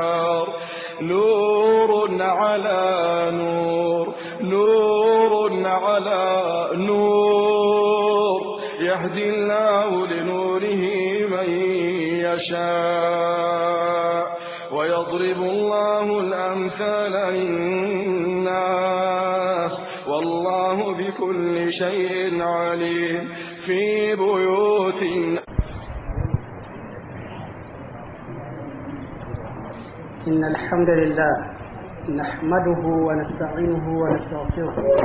نور على نور نور على نور يهدي الله لنوره من يشاء ويضرب الله الأمثال للناس والله بكل شيء عليم في بيوت إن الحمد لله نحمده ونستعينه ونستغفره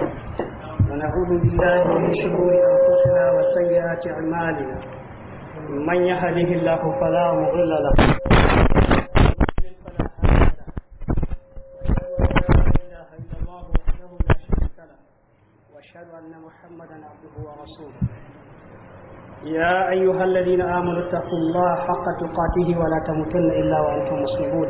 ونعوذ بالله من شرور أنفسنا وسيئات أعمالنا من يهده الله فلا مضل له واشهد ان محمدا عبده ورسوله يا أيها الذين آمنوا اتقوا الله حق تقاته ولا تموتن إلا وأنتم مسلمون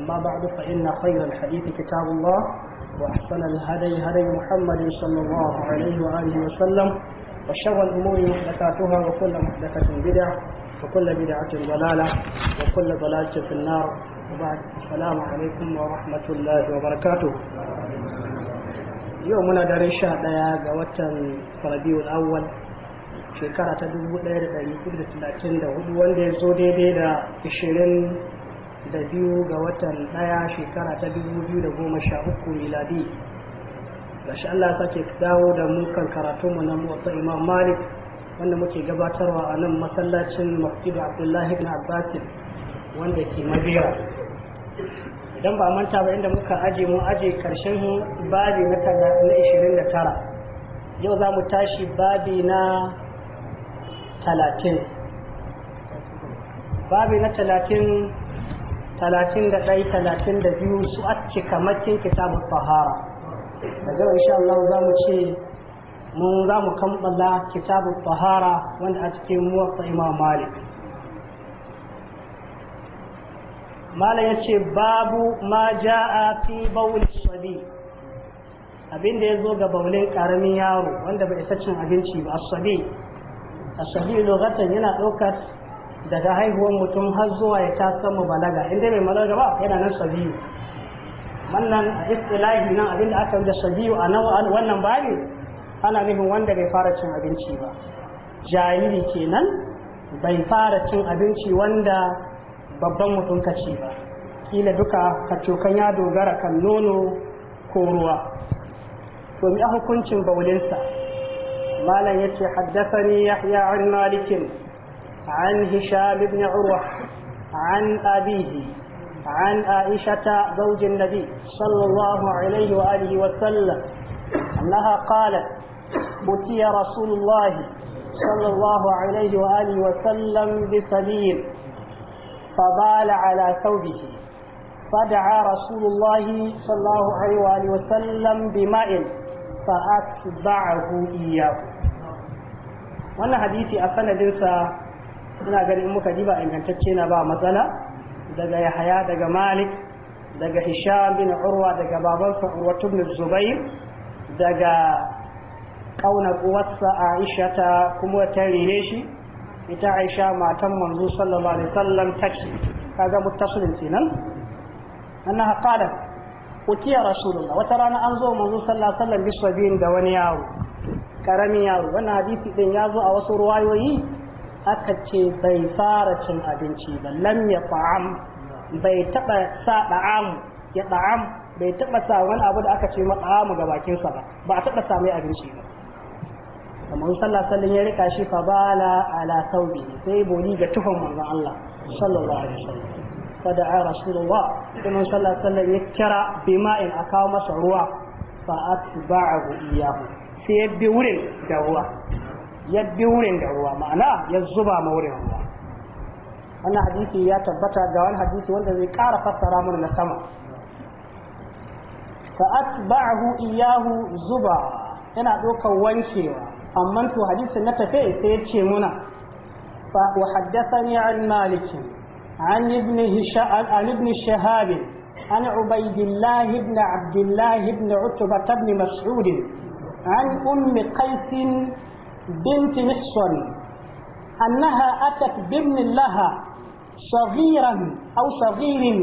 أما بعد فإن خير الحديث كتاب الله وأحسن الهدي هدي محمد صلى الله عليه وآله وسلم وشر الأمور محدثاتها وكل محدثة بدعة وكل بدعة ضلالة وكل ضلالة في النار وبعد السلام عليكم ورحمة الله وبركاته yau muna daren sha ɗaya ga watan rabiul awwal shekara ta 1434 wanda ya zo daidai da 20 da biyu ga watan ɗaya shekara ta dubu biyu da goma sha uku miladi gashi Allah sake dawo da mu kan karatunmu na motsa imam malik wanda muke gabatarwa a nan masallacin masjidu abdullahi ibn abbasin wanda ke mabiya. idan ba manta ba inda muka aje mu aje karshen babi na 29 yau za mu tashi babi na 30 babi na 30 talatin da ɗai talatin da biyu su a kamakin kitabun fahara daga insha Allah za mu ce mun za mu kammala kitabun fahara wanda a cikin muwatta imam malik malam ya ce babu ma ja'a fi bawul sabi abin da ya zo ga baulin ƙaramin yaro wanda bai isa cin abinci ba sabi sabi lugatan yana ɗaukar daga haihuwar mutum har zuwa ya ta samu balaga inda mai balaga ba yana nan sabiyu wannan a istilahi nan abinda aka yi da sabiyu a nan wannan bani ana nufin wanda bai fara cin abinci ba jariri kenan bai fara cin abinci wanda babban mutum ka ci ba kila duka kacokan ya dogara kan nono ko ruwa to a hukuncin baulinsa malam haddasa ni yahya an malikin عن هشام بن عروة عن أبيه عن عائشة زوج النبي صلى الله عليه وآله وسلم أنها قالت أتي رسول الله صلى الله عليه وآله وسلم بسبيل فبال على ثوبه فدعا رسول الله صلى الله عليه وآله وسلم بماء فأتبعه إياه وأنا حديثي أسند sanadinsa ina ganin muka ji ba ingantacce na ba matsala daga yahaya daga malik daga hisham bin urwa daga babansa urwa ibn zubair daga kauna uwarsa aisha ta kuma ta rene shi ita aisha matan manzo sallallahu alaihi wasallam take kaga muttasilin kenan annaha qalat utiya rasulullah wata rana an zo manzo sallallahu alaihi wasallam bisabin da wani yaro karamin yaro wannan hadisi din ya zo a wasu ruwayoyi aka ce bai fara cin abinci ba lam ya fa'am bai taba sa da'am ya da'am bai taba sa wani abu da aka ce ma da'amu ga bakin sa ba ba a taba samu abinci ba kamar sallah sallin ya rika shi fa bala ala saubi sai boli ga tuhon manzon Allah sallallahu alaihi wasallam fada'a rasulullah kuma sallah sallan ya kira bima'in aka masa ruwa fa atba'ahu iyahu sai ya bi wurin da ruwa ya bi wurin da ruwa ma'ana ya zuba ma wurin ruwa wannan hadisi ya tabbata ga wani hadisi wanda zai ƙara fassara mana na sama fa atba'ahu iyahu zuba yana ɗaukar wankewa amma to hadisin na tafe sai ya ce muna fa wa haddathani an malik an ibn hisham an ibn shahab عن عبيد الله بن عبد الله بن عتبة بن مسعود عن أم قيس بنت محصن أنها أتت بابن لها صغيرا أو صغير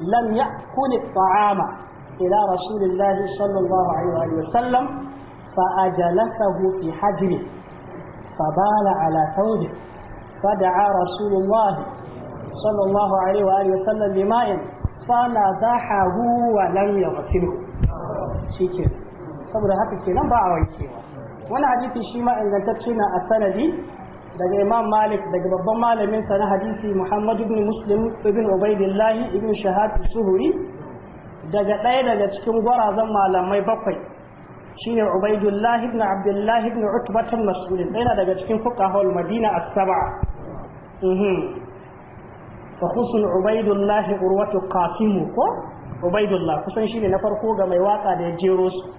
لم يأكل الطعام إلى رسول الله صلى الله عليه وسلم فأجلسه في حجره فبال على ثوبه فدعا رسول الله صلى الله عليه وآله وسلم بماء فنزحه ولم يغسله شيء كده saboda haka kenan ba wani hadisi shi ma ingantacce na a sanadi daga imam malik daga babban malamin sa na hadisi muhammad ibn muslim ibn ubaidillahi ibn shahab suhuri daga ɗaya daga cikin gwarazan malamai bakwai shine ubaidullahi ibn abdullahi ibn utbat mas'ud ɗaya daga cikin fuqaha'ul madina as-sab'a mhm fa khusun ubaidullahi urwatu qasim ko ubaidullah kusan shine na farko ga mai waka da ya jero su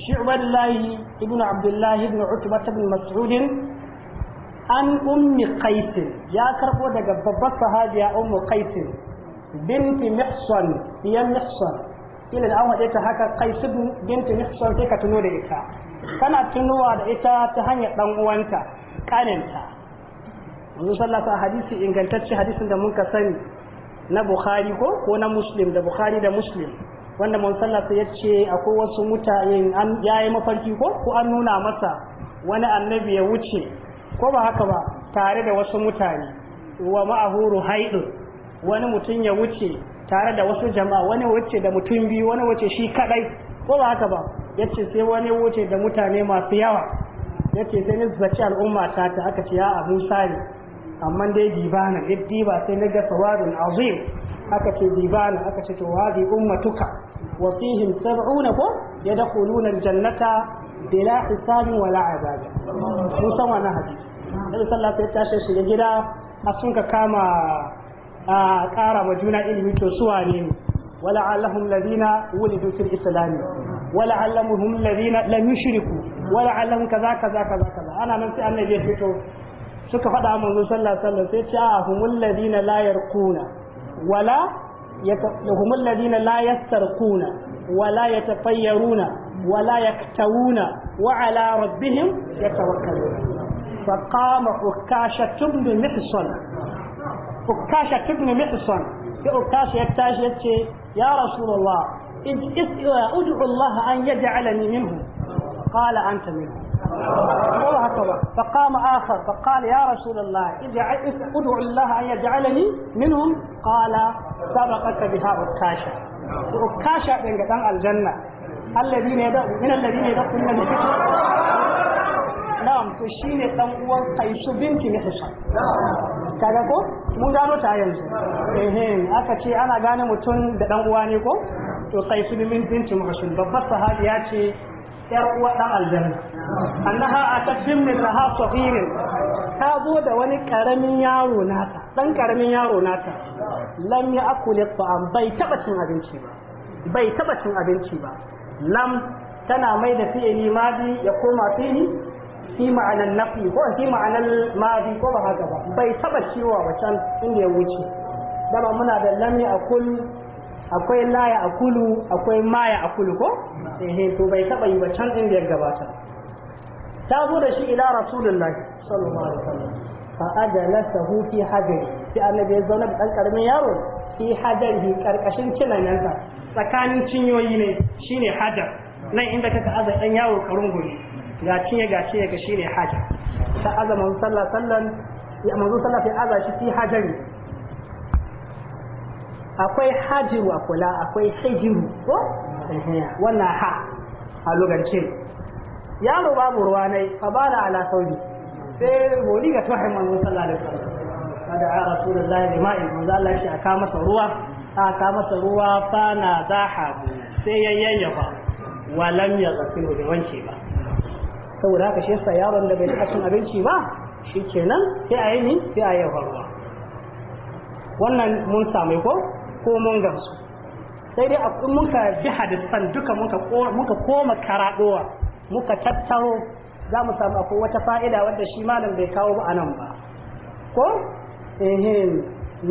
shi ubadillahi ibn abdullahi ibn utba ibn an ummi qais ya karbo daga babbar sahabiya ummu qais binti mihsan ya mihsan ila da an ta haka qais binti mihsan sai ka tuno da ita kana tunuwa da ita ta hanyar dan uwanta kaninta manzo sallallahu alaihi hadisi ingantacce hadisin da mun ka sani na bukhari ko ko na muslim da bukhari da muslim wanda mansallah ya ce akwai wasu mutane ya yi mafarki ko ko an nuna masa wani annabi ya wuce ko ba haka ba tare da wasu mutane wa ma'ahuru haidu wani mutum ya wuce tare da wasu jama'a wani wuce da mutum biyu wani wuce shi kadai ko ba haka ba yace sai wani wuce da mutane masu yawa yace sai ni zaci al'umma ta ta aka ce ya abu sani amma dai dibana dibba sai na ga sawarun azim aka ce dibana aka ce to wazi ummatuka وفيهم سبعون كو يدخلون الجنة بلا حساب ولا عذاب موسى وانا النبي صلى الله عليه وسلم shiga gida har sun ka kama a ƙara ma juna ilimi to su wane ne wala allahum ladina wulidu fil islam wala allahum ladina lam yushriku wala allahum kaza kaza kaza kaza ana nan sai annabi ya fito suka faɗa manzo sallallahu alaihi wasallam sai a wala هم الذين لا يسترقون ولا يتطيرون ولا يكتوون وعلى ربهم يتوكلون فقام عكاشة بن محصن عكاشة بن محصن عكاشة يتاشي يا رسول الله ادعو الله أن يجعلني منهم قال أنت منه والله هكذا فقام آخر فقال يا رسول الله ادعو الله أن يجعلني منهم قال سبقك بها عكاشة عكاشة بن قدام الجنة الذين يدعون من الذين يدعون من الفتن na'am to shine dan uwan Kaisu binti Mihsan kaga ko mun gano ta yanzu eh aka ce ana gane mutum da dan uwa ne ko to Kaisu binti Mihsan babbar sahabiya ce yar uwa ɗan aljanna annaha a bin min raha sahirin ta zo da wani ƙaramin yaro nata ɗan karamin yaro nata lam ya akule bai taɓa cin abinci ba bai taba cin abinci ba lam tana mai da fi'ili madi ya koma fili fi ma'anar nafi ko fi ma'anar madi ko ba haka ba bai taba ciwa ba can inda ya wuce dama muna da lam ya akul akwai laya a Kulu, akwai Maya a Kulu ko ehe to bai taba yi ba can din da ya gabata ta zo da shi ila rasulullahi sallallahu alaihi wasallam fa adalasahu fi hajari sai annabi ya zauna da dan karamin yaro fi hajari karkashin cinanansa tsakanin cinyoyi ne shine hajar nan inda kaka aza dan yawon karun ne. ga cinye ga cinye ga shine hajar ta aza manzo sallallahu alaihi wasallam ya manzo sallallahu alaihi wasallam shi fi hajari akwai hajiru a kula akwai hijiru ko wannan ha a lokacin yaro babu ruwa ne fa ba da ala saudi sai boli ga tuhin manzon sallallahu alaihi wasallam kada a rasulullahi bi ma'in manzo Allah shi aka masa ruwa aka masa ruwa fa na zahabu sai yayyan ba walam ya zakiru da wanci ba saboda haka shi yasa yaron da bai taɓa cin abinci ba shi kenan sai a yi ni sai a yi ruwa wannan mun samu ko ko mun gamsu sai dai muka ji hadisan duka muka koma karaɗowa muka tattaro za mu samu akwai wata fa'ida wadda shi malam bai kawo ba a nan ba ko ehin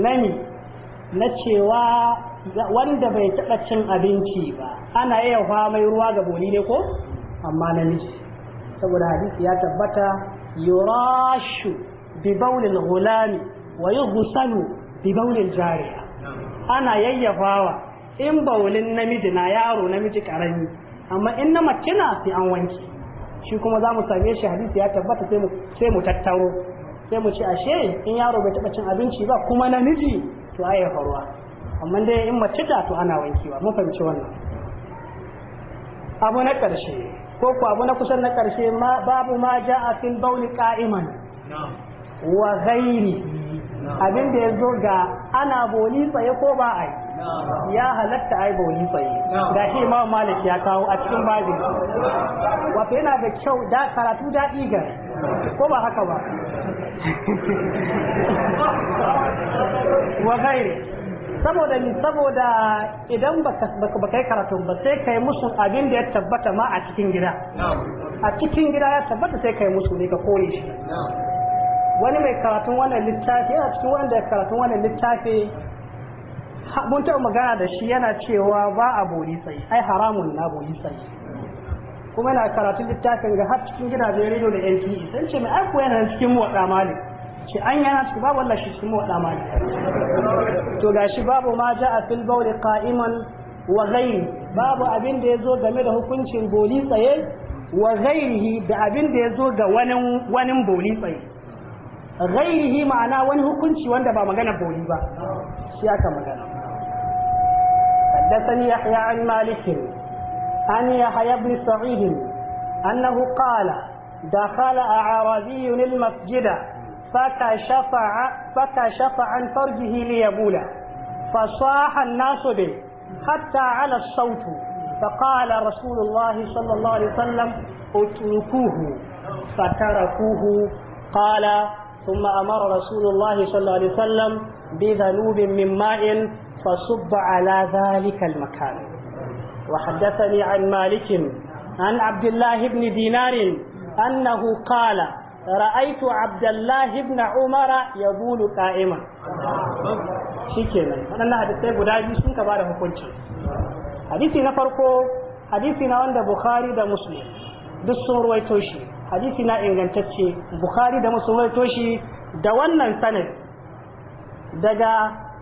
nani na cewa wanda bai taɓa cin abinci ba ana iya mai ruwa ga boli ne ko amma namiji saboda hadisi ya tabbata yurashu bi baulil ghulami wa yughsalu bi baulin jariya ana yayyafawa in baulin namiji na yaro namiji karami amma in na mace sai an wanki shi kuma za mu same shi hadisi ya tabbata sai mu sai mu tattaro sai mu ci ashe in yaro bai taba cin abinci ba kuma namiji to ayi faruwa amma dai in mace ta to ana wankewa mun fahimci wannan abu na karshe ko ko abu na kusan na karshe babu ma ja'a fil bawli qa'iman wa ghairi abin da ya zo ga ana boli tsaye ko ba a yi ya halatta a yi boli tsaye ga shi imam malik ya kawo a cikin babin wato yana da kyau da karatu da ga ko ba haka ba wa gairi saboda ni saboda idan baka kai karatu ba sai kai musu abin da ya tabbata ma a cikin gida a cikin gida ya tabbata sai kai musu ne ka kore shi wani mai karatun wannan littafi yana cikin wanda ya karatun wannan littafi mun taɓa magana da shi yana cewa ba a boli sai ai haramun na boli sai kuma yana karatun littafin ga har cikin gidajen rediyo da NTA sai ce mai aiko yana cikin waɗa malik ce an yana cikin babu wallah shi cikin waɗa malik to gashi babu ma a fil bawl ka'iman wa ghayr babu abin da ya zo game da hukuncin boli tsaye wa ghairihi da abin da ya zo ga wani wani boli tsaye ghairihi ma'ana wani hukunci wanda ba magana boli ba shi aka magana حدثني يحيى عن مالك عن يحيى بن سعيد أنه قال دخل أعرابي المسجد فكشف فكشف عن فرجه ليبول فصاح الناس به حتى على الصوت فقال رسول الله صلى الله عليه وسلم اتركوه فتركوه قال ثم أمر رسول الله صلى الله عليه وسلم بذنوب من ماء فصب على ذلك المكان وحدثني عن مالك عن عبد الله بن دينار أنه قال رأيت عبد الله بن عمر يبول قائما shikenan waɗannan hadisai guda biyu sun ka bada hukunci hadisi na farko hadisi na wanda bukhari da muslim duk sun ruwaito shi hadisi na ingantacce bukhari da musulmai toshi da wannan sanad daga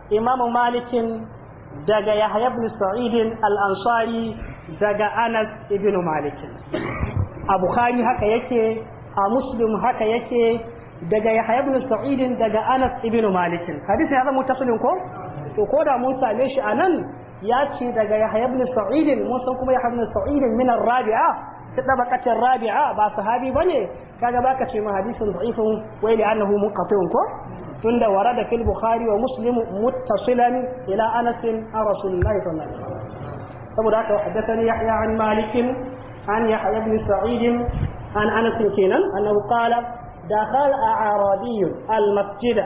imamu malikin daga yahya ibn sa'idin al-ansari daga anas ibn malikin a bukhari haka yake a muslim haka yake daga yahya ibn sa'idin daga anas ibn malikin hadisi ya zama tasulin ko to ko da mun same shi anan ya ce daga yahya ibn sa'idin mun san kuma yahya ibn sa'idin min ar-rabi'a ta dabaqatin rabi'a ba sahabi ba ne kaga baka ce ma hadisin da'ifun wai li annahu munqati'un ko tunda da fil bukhari wa muslim muttasilan ila anas an rasulillahi sallallahu alaihi wasallam saboda haka haddathani yahya an malik an yahya ibn sa'id an anas kenan annahu qala دخل al المسجد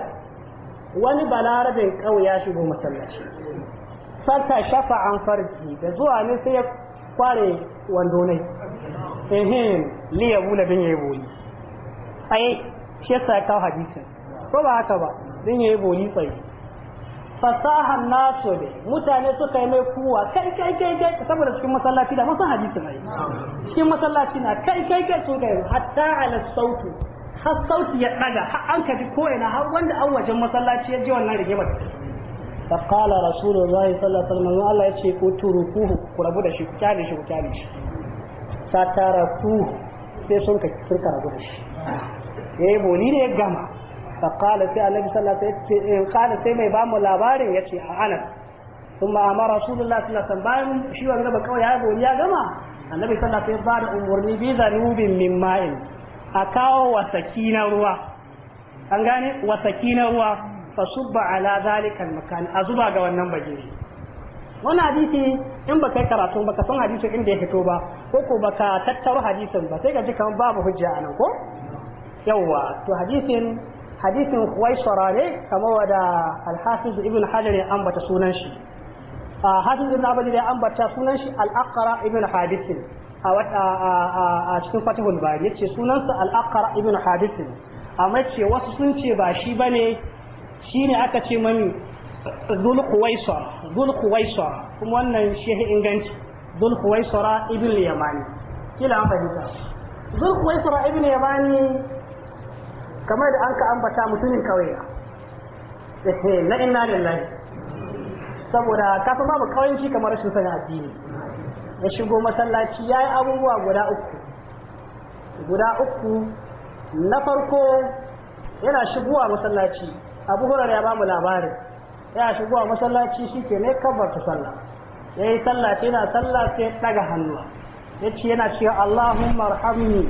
wani balarabin ƙauye ya shigo masallaci farta shafa an farji da zuwa ne sai ya kware wando ne ehem li ya bula ya yi boli ai shi yasa kawo hadisi ko ba haka ba ya yi boli tsaye fasahan nasu ne mutane suka yi mai kuwa kai kai kai kai saboda cikin masallaci da masan hadisi mai cikin masallaci na kai kai kai sun kai hatta ala sautu har sautu ya daga har an ka ko ina har wanda an wajen masallaci ya ji wannan rigimar فقال رسول الله صلى الله عليه وسلم الله da shi كربو دشي shi ku كتاني shi. fataraku sai sun ka sun ka rabu da shi yayi eh, boli ya gama fa qala sai annabi sallallahu alaihi wasallam eh, sai mai bamu labarin yace a anan ثم امر رسول الله صلى الله عليه وسلم kawai ya boli ya gama annabi sallallahu alaihi wasallam ya bada umarni bi zanubin min ma'in a kawo wasaki na ruwa an gane wasaki na ruwa fa subba ala zalika ga wannan bajiri wani hadisi in baka yi karatu baka san hadisin inda ya fito ba ko ko baka tattaro hadisin ba sai ka ji kamar babu hujja anan ko yawwa to hadisin hadisin huwaisara ne kamar wada alhafiz ibn hajar ya ambata sunan shi a hafiz ibn abadi ya ambata sunan shi al ibn hadith a wata a cikin fatihul bari yace sunansa sa al ibn hadith amma ce wasu sun ce ba shi shi ne aka ce mani zul khuwaisara zul khuwaisara kuma wannan shehi inganci zul khuwaisara ibn yamani kila an fahimta zul khuwaisara ibn yamani kamar da an ka ambata mutumin kauye na inna lillahi saboda ka san babu kawanci kamar rashin sanin addini ya shigo masallaci ya yi abubuwa guda uku guda uku na farko yana shigowa masallaci abu hurar ya bamu labarin ya shigo a masallaci shi ke ne ta sallah ya yi sallah yana sallah sai daga hannuwa ya ce yana cewa Allahumma arhamni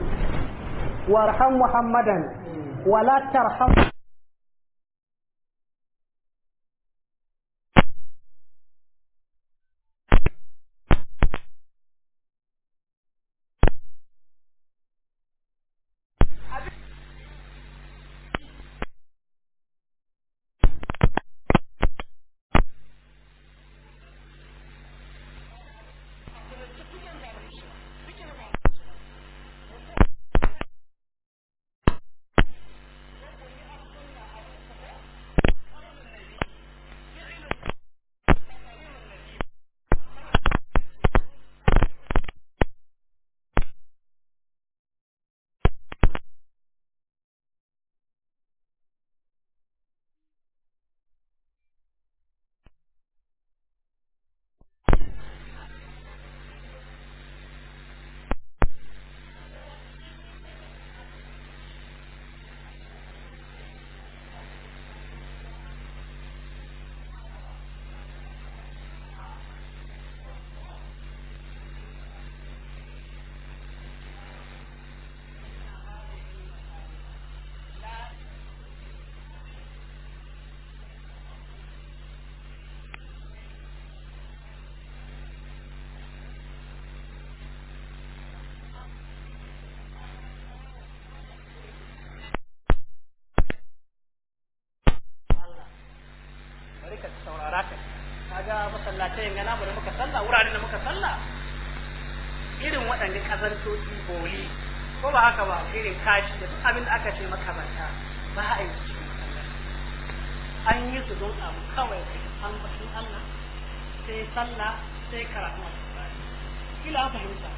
warham Muhammadan wala tarham ka saurara ka kaga masallacin ga namu da muka sallah wuraren da muka sallah irin waɗanda kazantoci boli ko ba haka ba irin kashi da duk abin da aka ce makamanta ba a yi su an yi su don abu kawai an bakin Allah sai sallah sai karatu kila fahimta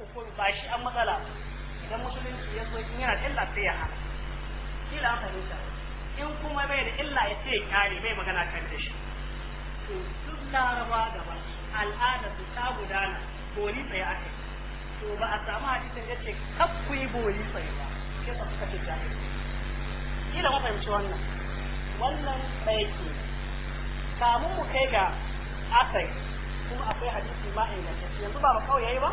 uku ba shi an matsala idan musulunci ya so in yana da illa sai ya hana da an fahimta in kuma bai da illa ya sai ya kare bai magana kan da shi to duk laraba gaba al'ada su ta gudana boli tsaye aka yi to ba a samu hadisin ya ce kaf ku yi boli tsaye ba sai sa suka ce jahil kila mafahimci wannan wannan tsaye ke kamun mu kai ga asai kuma akwai hadisi ma ingantacce yanzu ba ba kawai yayi ba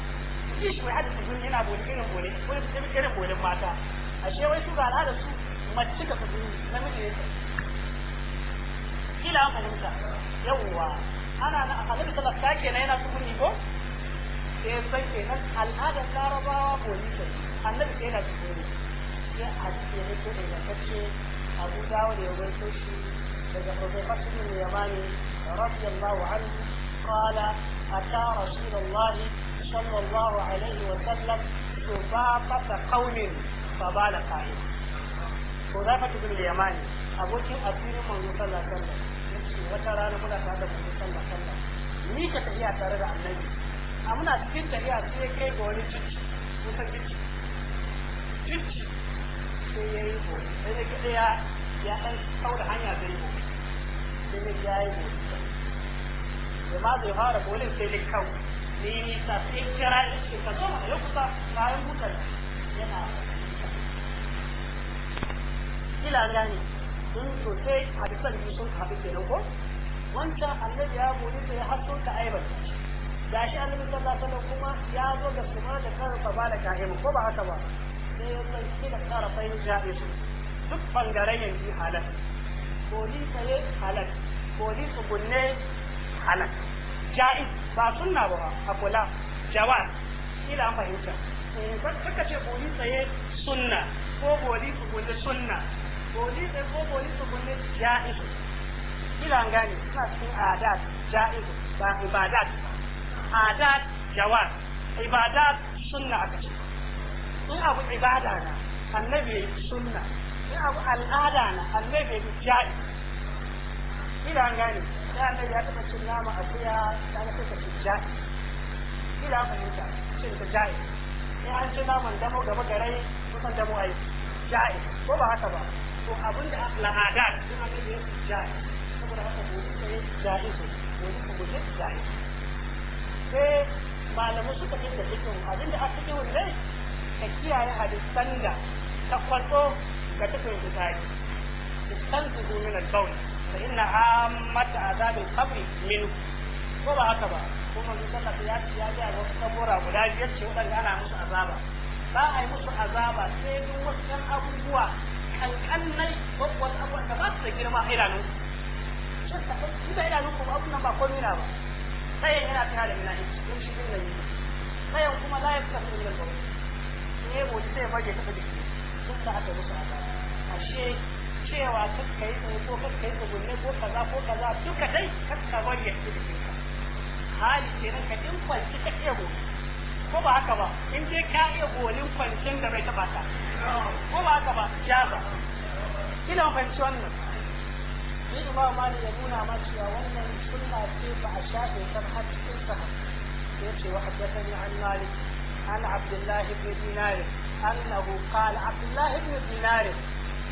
ji shi mai arziki sun yana irin wani irin mata ashe wai su ga su mace ka namiji ne kila an fahimta yawwa ana na annabi sallallahu alaihi wasallam kenan yana sukuni ko eh, sai al'adar larabawa annabi sai yana sai a ne da abu dawo da ya gwaito daga Hudayfa bin Yamani قال أتى رسول الله صلى الله عليه وسلم سباقة قوم فبال قائل حذيفة بن اليمان abokin asirin manzo sallallahu alaihi wasallam yace wata rana muna tare da manzo sallallahu alaihi ni ka tafiya tare da annabi a muna cikin tafiya sai kai ga kusan cicci cicci sai ya yi bori sai na gida ya ya ɗan saura hanya zai bori sai na ya yi bori ma zai fara bolin sai me safi kira ya ce ka zo mana ya kusa bayan butar yana kila gane sun sosai hadisan biyu sun haɗu kenan ko wancan annabi ya goyi da ya hasso ta aibar ga shi annabi sallallahu alaihi wasallam kuma ya zo da kuma da karfa ba da kahimu ko ba haka ba sai ya san kila karafai ja'isu duk bangaren yanzu halal ko ni tsaye halal ko ni tsugunne halal ja'iz ba sunna ba a kula jawab kila an fahimta eh, kaka ce boli tsaye sunna ko boli tsugunne sunna boli tsaye ko boli tsugunne ja'iz kila an gane suna cikin adat ja'iz ba ibadat adat jawab ibadat sunna aka ce in abu ibada na annabi sunna in abu al'ada na annabi ja'iz kila an gane sai annabi ya taɓa cin nama akuya ta na kuka cin ja'i kila fahimta cin ta ja'i sai an ci naman damo gaba garai kusan damo a yi ja'i ko ba haka ba to abin da la'ada sun annabi ya ci ja'i saboda haka ko suka yi ja'i su ko suka guje ja'i sai malamu suka yi da cikin abin da aka yi wannan ka kiyaye hadisan da ta kwato ga tafiyin fitari. Istanzu min al-bawl fa inna ammata azabil qabri min ko ba haka ba ko manzo sallallahu ya ce ya ga wasu kabura guda biyar ce wadanda ana musu azaba ba a yi musu azaba sai duk wasu kan abubuwa kankan nai ko wasu abubuwa da ba su da girma a idanun shi da idanun ku ba ku nan ba ko nuna ba sai yana ta da mina shi don shi din nan sai kuma la ya tafi da gaba ne mu sai fage ta da shi sun da aka musu azaba ashe cewa kakka yi tsaye ko kakka yi tsugunne ko kaza ko kaza duka dai kakka bari ya ci jikin ka hali kenan ka in kwanci ka iya gobe ko ba haka ba in dai ka iya golin kwancin da bai taba ka ko ba haka ba jaza ina fahimci wannan ni imam mali ya nuna ma cewa wannan sunna ce ba a shafe kan har cikin sa ya ce wa haddathani an malik an abdullahi ibn dinar annahu qala abdullahi ibn dinar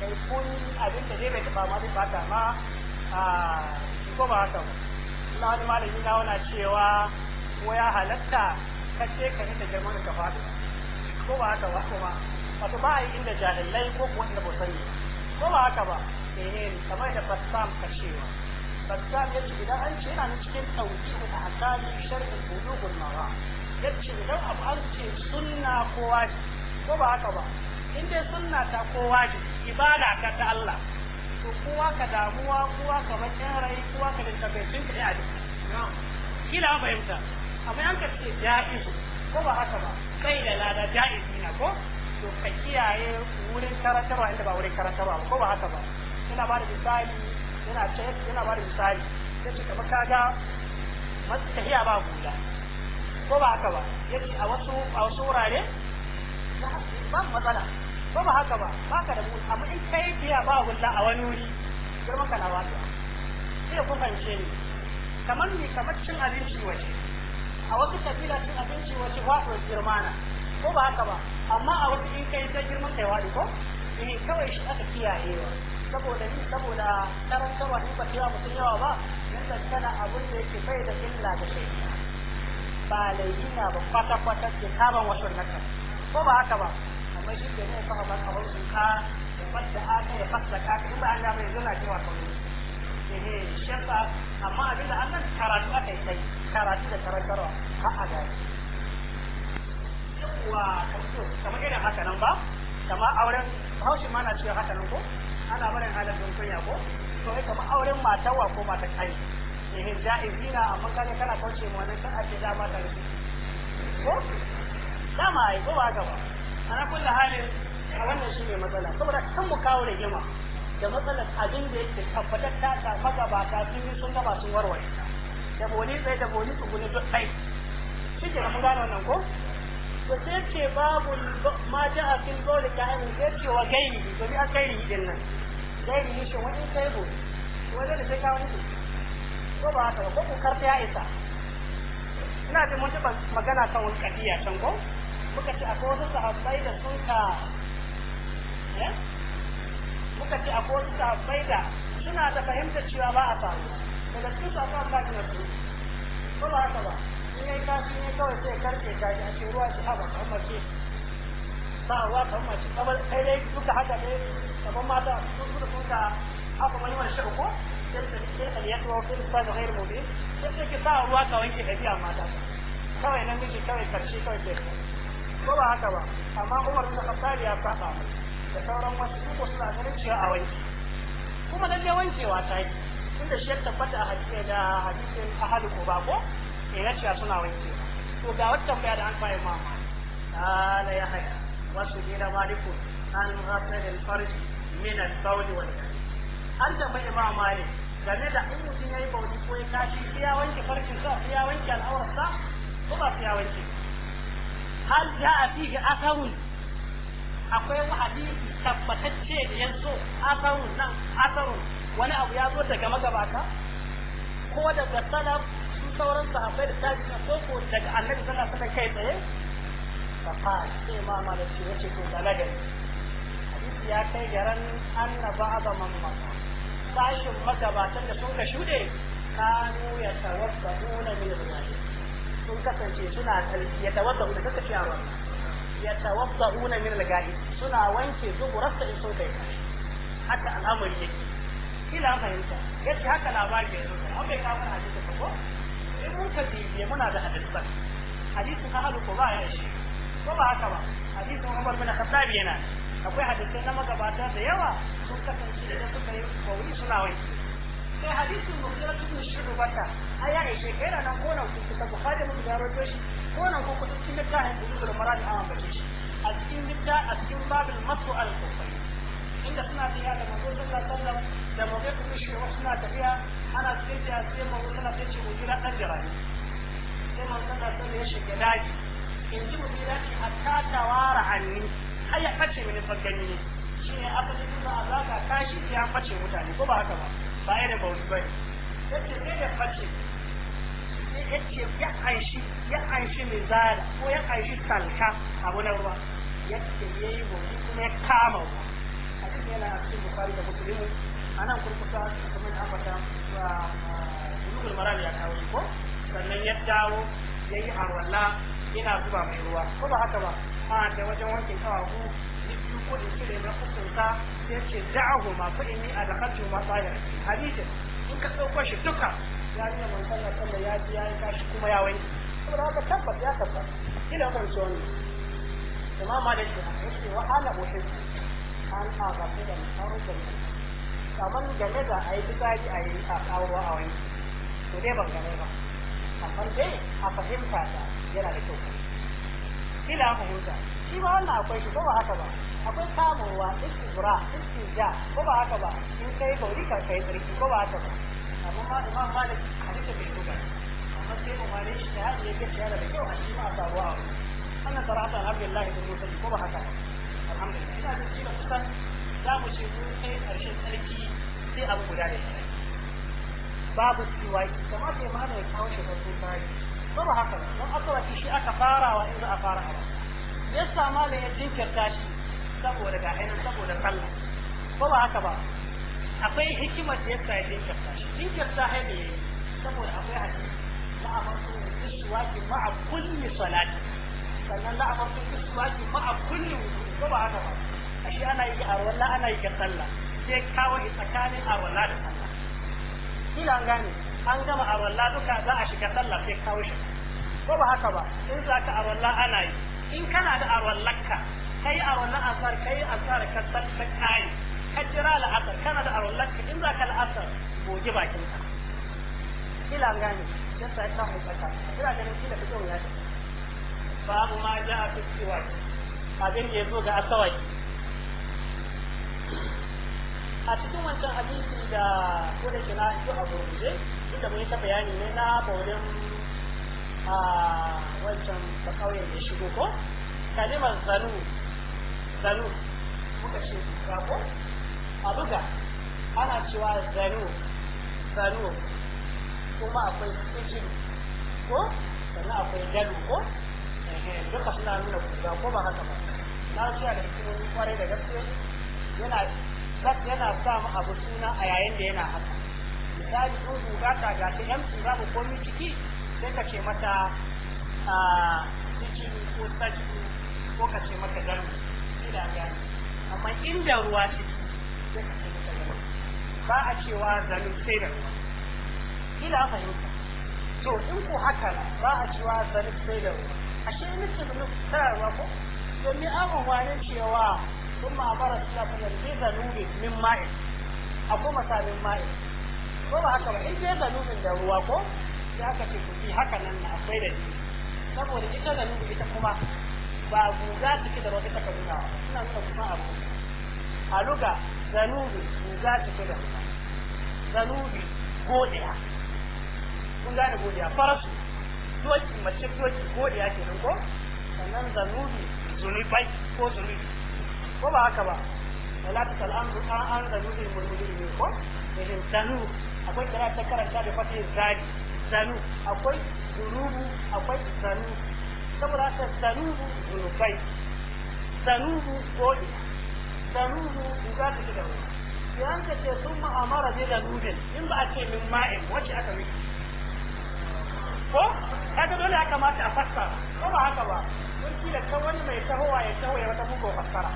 kai kun abin da zai bai taba ma zai bata ma a ko ba haka ba Allah wani malami na wana cewa ko ya halatta kace ka da girman ka fadi ko ba haka ba kuma wato ba yi inda jahilai ko kuma inda bosani ko ba haka ba eh kamar da fassam ka cewa fassam ya ce idan an ce yana nan cikin tawjihu da hakali shar'in bulughul mara yace idan abu an ce sunna ko wajibi ko ba haka ba in dai sunna ta ko wajibi ibada ka ta Allah to kowa ka damuwa kowa ka bakin rai kowa ka linta bai sun kai ali kila ba fahimta amma an ka ce ja'izu ko ba haka ba sai da lada ja'izi na ko to ka kiyaye wurin karantarwa inda ba wurin karantarwa ko ba haka ba yana ba da misali yana ce yana ba da misali yace kamar kaga tahiya ba guda ko ba haka ba yace a wasu a wasu wurare ba matsala ko ba haka ba ba ka da mu amma in kai biya ba hulla a wani wuri girman ka na wasu sai ku fahimce ni kamar ni kamar cin abinci waje a wasu kabila cin abinci waje wato girmana ko ba haka ba amma a wasu in kai sai girman kai wani ko eh kawai shi aka kiyayewa saboda ni saboda karantarwa wani ba kiyawa mutum yawa ba yanda kana abin da yake bai da illa da shi ba laifi na ba kwata-kwata ke kaban wasu nakan ko ba haka ba wai shi ke ne fa amma kawai su ka da fadda aka ya fadda ka in ba Allah bai zuna cewa kawai eh shirka amma abin da Allah karatu aka yi sai karatu da karantarwa ha a ga yawa kamar irin haka nan ba kamar auren haushin ma na cewa haka nan ko ana barin don dunkunya ko to ai kamar auren matawa ko mata kai eh ja'izi na amma kaga kana kauce mu wannan sai ake dama da rubutu ko dama ai ko ba ka ba. ana kulla hali a wannan shi ne matsala saboda kan mu kawo rigima da matsalar abin da yake tabbatar ta ta magabata sun yi sun gaba sun warware ta da boli tsaye da boli tsuguni duk ɗai shi ke mun gano nan ko to sai ce babu ma ja a fil bawli ka ayin sai ce wa gairi domin a kai rigin nan gairi ne shi wani kai bo wani da sai kawo ne ko ba haka ko ku karta ya isa ina jin mun taɓa magana kan wani kadiya can ko muka ce akwai wasu sahabbai da sun ka eh? muka ce akwai wasu sahabbai da suna da fahimtar cewa ba a faru daga cikin su akwai amfani da su ko ba haka ba in yi kashi ne kawai sai karfe kashi a ce ruwa shi haba kan mace ba ruwa kan mace kamar kai dai duka haka ne kamar mata sun gudu sun ka haka wani wani shirin ko sai ka liyar sai ba da hayar mobe sai ka a ruwa ka wanke ɗabi'a mata kawai nan kawai karshe kawai kai. ko ba haka ba amma Umar bin Khattab ya saba da sauran wasu duka suna ganin cewa a wanke kuma lalle wankewa ta yi tunda shi ya tabbata a hadisi da hadisin ahadu ko ba ko eh ya cewa suna wanke to ga wata tambaya da an fara ma ala ya haya wasu gina maliku an ghasal al-farj min al-bawl wal an tambayi ma malik game da in mutum ya yi bauli ko ya kashi ya wanke farkin sa ya wanke al'aurarsa ko ba ya wanke hal ya a fihi asarun akwai wani hadisi tabbatacce da yanzu asarun nan asarun wani abu ya zo daga magabata ko daga salaf su sauran sahabbai da tabi'in ko ko daga annabi sallallahu alaihi wasallam kai tsaye fa fa sai ma shi yace to dalaga hadisi ya kai garan annaba aba ma sashin magabatan da sun ka shude kanu ya tawassahu na bil kasance suna ya tawadda da kaka ciyawa ya tawadda una min al suna wanke zuburarsa in sun kai haka al'amari yake fahimta haka labari da yanzu an bai kawo hadisi ko in mun ka muna da hadisi ka halu ko ba ya shi ko ba haka ba hadisin Umar bin Khattab yana akwai hadisai na magabata da yawa sun kasance da suka yi kauli suna wanke kai hadisin shi ibn shubata aya ne shi kai nan ko nan kuku ta bukhari mun ya rawaito shi ko nan kuku ta cikin littafin bulugul marad an ambace shi a cikin littafin a cikin babul masu al inda suna tafiya da manzo sallallahu alaihi wasallam da mawdu ibn shubata suna tafiya ana cikin ta sai mawdu sallallahu alaihi mu ya dan jira'i sai mu san alaihi wasallam ya shiga daji in ji mu ya ce hatta tawara anni har ya kace mini fa gani shine aka ji ba za ka tashi sai an bace mutane ko ba haka ba baya da bauti bai yace ne da fashe yace ya aishi ya aishi mizala ko ya aishi talka abu na ruwa yace yi bauti kuma ya kama ruwa A hadisi yana cikin bukari da muslimu anan kurkusa kamar da ambata wa bulugul maram ya kawo ko sannan ya dawo yayi arwala yana zuba mai ruwa ko ba haka ba a da wajen wankin kawaku uku da shi da na hukunta ka ya ce da'ahu ma fa inni adakhaltu ma tahira hadisin in ka dauko shi duka ya nuna manzon Allah sallallahu ya ji ya yi kashi kuma ya wani. saboda haka tabbas ya tabbata ina kan so ne da shi a ce wa ana muhibbu an azabi da mutarrabin kaman game da ayi fitsari ayi a kawo a wani to dai ban gane ba amma dai a fahimta ta yana da kyau kila fahimta shi ba wannan akwai shi ko ba haka ba akwai kamowa istibra istija ko ba haka ba in kai bauri ka kai sarki ko ba haka ba amma ma imam malik hadisi bai duka amma sai mu mare shi da ya ke tsara da kyau a cikin a ruwa. asabuwa ana karata abdullahi bin musa ko ba haka alhamdulillah ina da cewa kusan za mu ce mun kai ƙarshen sarki sai abu guda da shi babu siwaki kamata ya mana ya kawo shi da tsari ko ba haka ba don asalaki shi aka farawa in za a fara abu yasa malam ya jinkirta shi saboda ga ainihin saboda sallah ko ba haka ba akwai hikimar da yasa ya jinkirta shi jinkirta ne, saboda akwai hadisi la'amartu biswaki ma'a kulli salati sannan la'amartu biswaki ma'a kulli wudu ko ba haka ba ashe ana yi a wallah ana yi ga sallah sai kawo tsakanin a wallah da sallah an gane an gama a wallah duka za a shiga sallah sai kawo shi ko ba haka ba in za ka a wallah ana yi in kana da a wallahka kai a wannan asar kai asar ka san ta kai ka jira la'asar kana da arullar ka in za ka la'asar goge bakin ka ila gane ya sai ta mu tsaka ina ganin kila ka tsoro ya ta babu ma ja a fitiwa abin da yazo ga asawai a cikin wancan hadisi da kodai na yi a gurguje inda mun yi ta bayani ne na baurin a wancan bakauyen da shigo ko kalimar zanu zanu muka ce ko a buga ana cewa zanu zanu kuma akwai sijin ko sannan akwai dalu ko duka suna nuna kuka ko ba haka ba na cewa da cikin kwarai da gaske yana yana sa mu abu suna a yayin da yana haka misali ko guga ta ga ta yamci babu komi ciki sai ka ce mata a ah, sijin ko sajin ko ka ce mata dalu dariya amma inda ruwa ciki zai ka ce masa ba a cewa zanu sai da ruwa ila fahimta to in ko haka ba a cewa zanu sai da ruwa ashe in ce zanu sai ruwa ko domin an umarnin cewa sun ma'amara suna fadar zai zanu min min a akwai masamin ma'in ko ba haka ba in zai zanu da ruwa ko ya aka ce ku fi haka nan na akwai da saboda ita zanu ita kuma ba guga cike da wata taka nuna wa suna nuna kuma abu a luga zanubi guga cike da wuta zanubi godiya kun gane godiya farasu doki mace doki godiya ke ko sannan zanubi zunubai ko zunubi ko ba haka ba wala ta sal'an zuka an zanubi mulmuli ne ko irin zanu akwai kira ta karanta da fata zani zanu akwai zunubu akwai zanu saboda haka sanubu zunubai sanubu goli sanubu guga ta da ruwa idan ka ce sun ma'amara bi da nubin in ba a ce min ma'in wacce aka miki ko kaga dole ya kamata a fassara ko ba haka ba mun kila ta wani mai tahowa ya taho ya wata mugo fassara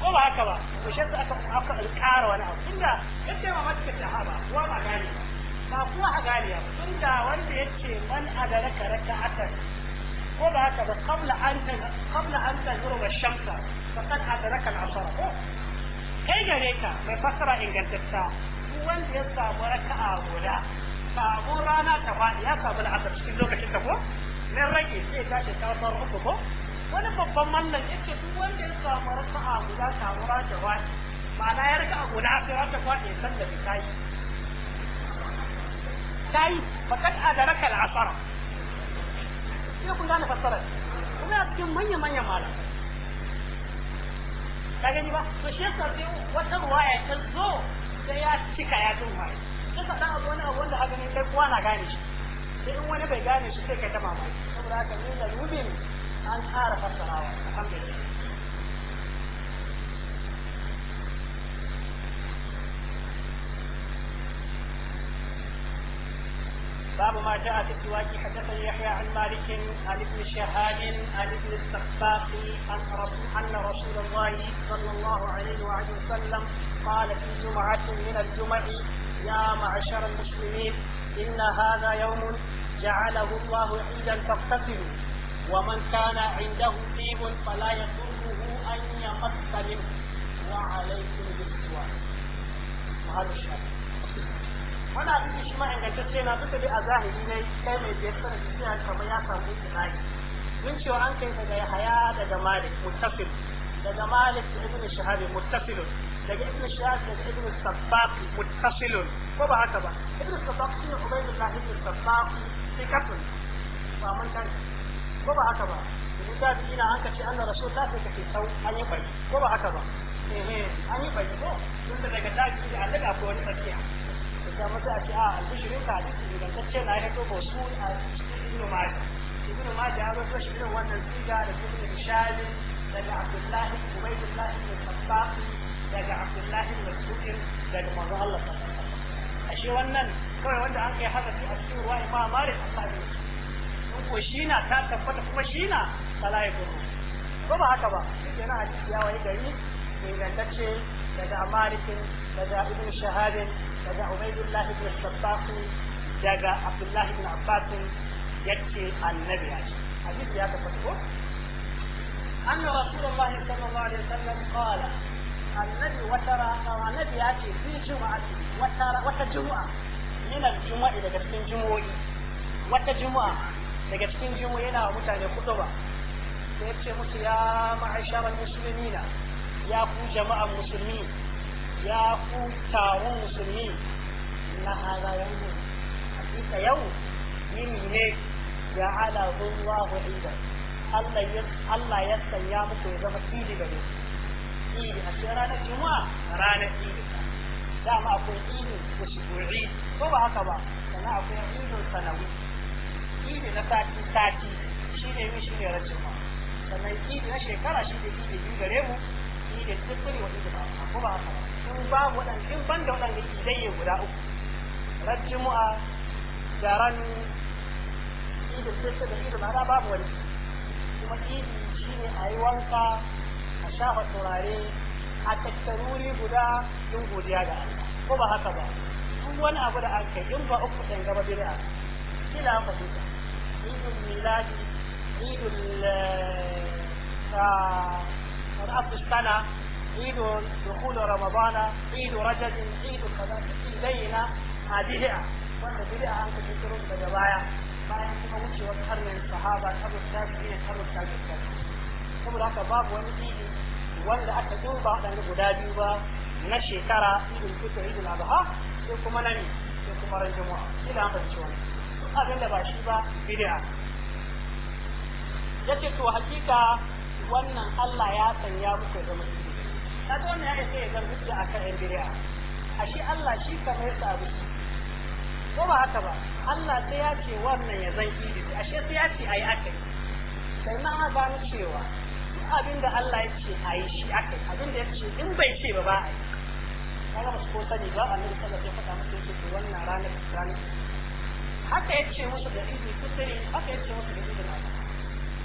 ko ba haka ba to shi aka aka alƙara wani abu tunda yace ma mace ta haba kuwa ba gane ba kuwa a gane ba tunda wanda yace man adaraka raka'atan ko ba haka ba qabla an qabla an tazuru ash-shamsa faqad adraka al-asr ko kai gare ka mai fasara ingantacca wanda ya samu raka'a guda samu rana ta faɗi ya samu al'asar cikin lokacin ta ko min rage sai ta ce ta bar uku ko wani babban mallan yace duk wanda ya samu raka'a guda samu rana ta faɗi ma'ana ya raka'a guda sai rana ta faɗi san da tayi tayi fakat adraka al-asr sai kun gane fassarar kuma a cikin manyan manyan malam ka gani ba to shi yasa sai wata ruwaya ta zo sai ya cika ya tun dan abu wani abu wanda kai kowa na gane shi sai in wani bai gane shi sai kai ta mamaki saboda haka da rubin an ƙara fassarawa alhamdulillah باب ما جاء في الزواج حدثني يحيى عن مالك عن ابن شهاب عن ابن السقاق ان رسول الله صلى الله عليه وآله وسلم قال في جمعة من الجمع يا معشر المسلمين إن هذا يوم جعله الله عيدا فاغتسلوا ومن كان عنده طيب فلا يضره أن يقتل وعليكم بالزواج. وهذا الشافعي wani hadisi shi ma ingantacce na duka dai a zahiri ne kai mai biyar sanin suna kamar ya samu istilahi mun cewa an kai daga yahaya daga malik muttasil daga malik da ibn shahab muttasilun daga ibn shahab daga ibn sabbaq muttasilun ko ba haka ba ibn sabbaq shi ne ubaydullah ibn sabbaq sikatun ba mun kan ko ba haka ba idan ta bi ina an ka ce annar rasul ta sai kake sau an yi bai ko ba haka ba eh eh an yi bai ko tun daga tabi da Allah ko wani tsakiya karanta masa a ce a ah, albishirin ka hadisi ingantacce na ya to su a ibnu ibnu shi irin wannan siga da ibnu hisham daga abdullahi daga abdullahi daga manzo Allah wannan kawai wanda an kai haka a cikin ruwa imam malik asabi ko shi na ta tabbata kuma shi na sala ko ba haka ba shi kenan hadisi ya wayi gari ingantacce daga daga daga ubaidullah ibn sabbaq daga abdullah ibn abbas yace annabi ya ce hadisi ya tabbata ko أن رسول الله صلى الله عليه وسلم قال النبي وترى النبي يأتي في جمعة وترى وتجمعة من الجمعة إلى جسم جمعة وتجمعة daga cikin jimu yana wa mutane kutuba sai ya ce musu ya ma'aishar musulmina ya musulmi ya ku taron musulmi na haza yau a hakika yau yini ne ya ala ruwa wa idan Allah ya sanya muku ya zama idi da ku idi a cikin ranar juma'a ranar idi dama akwai idi da shiguri ko ba haka ba sannan akwai idin sanawi idi na sati sati shi ne yi shi ne rajin ma sannan idi na shekara shi ne idi biyu gare mu idi da duk wani wani da ba ko ba haka ba in ba babu dan in ban da waɗanda idayye guda uku ran juma'a da ran da idin ma'ana babu wani kuma idi shi ne a wanka a shafa turare a tattaruri guda yin godiya ga Allah ko ba haka ba duk wani abu da an kai in ba uku dan gaba bid'a kila an fahimta idin miladi idin ta wani sana عيد دخول رمضان عيد رجب عيد كذا عيدينا wanda bid'a an ka fitiro daga baya bayan kuma wucewar karnin sahaba karnin tabi'i saboda haka babu wani idi wanda aka duba waɗanda guda biyu ba na shekara adha sai kuma sai kuma ran an wani abin da ba shi ba bid'a yace to hakika wannan Allah ya sanya muku kaga wannan ya sai ya zama hujja akan yan bid'a ashe Allah shi ka yadda abu shi ko ba haka ba Allah sai ya ce wannan ya zan idi ashe sai ya ce ayi akai sai na gano cewa abin da Allah ya ce ayi shi akai abin da ya ce in bai ce ba ba a yi ayi kaga musu ko sani ba annabi sallallahu alaihi wasallam ya faɗa musu wannan ranar ranar haka ya ce musu da idi kusuri haka ya ce musu da idi na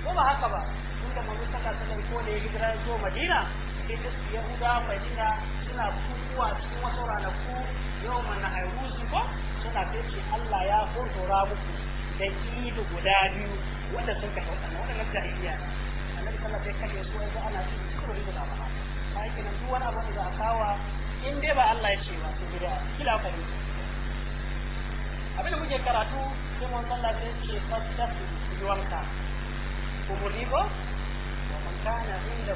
ko ba haka ba tunda manzo sallallahu alaihi wasallam ko da ya hijira zo Madina yahuda madina suna bukukuwa cikin wasu ranaku yau mana hairusu ko suna Allah ya hurhura muku da idu guda biyu wanda sun kashe jahiliya annabi sallallahu alaihi wasallam su ana kuro da ba sai duk wani abu da in dai ba Allah ya ce ba gida kila abin da muke karatu sai mun sallah sai ce ko wa man kana inda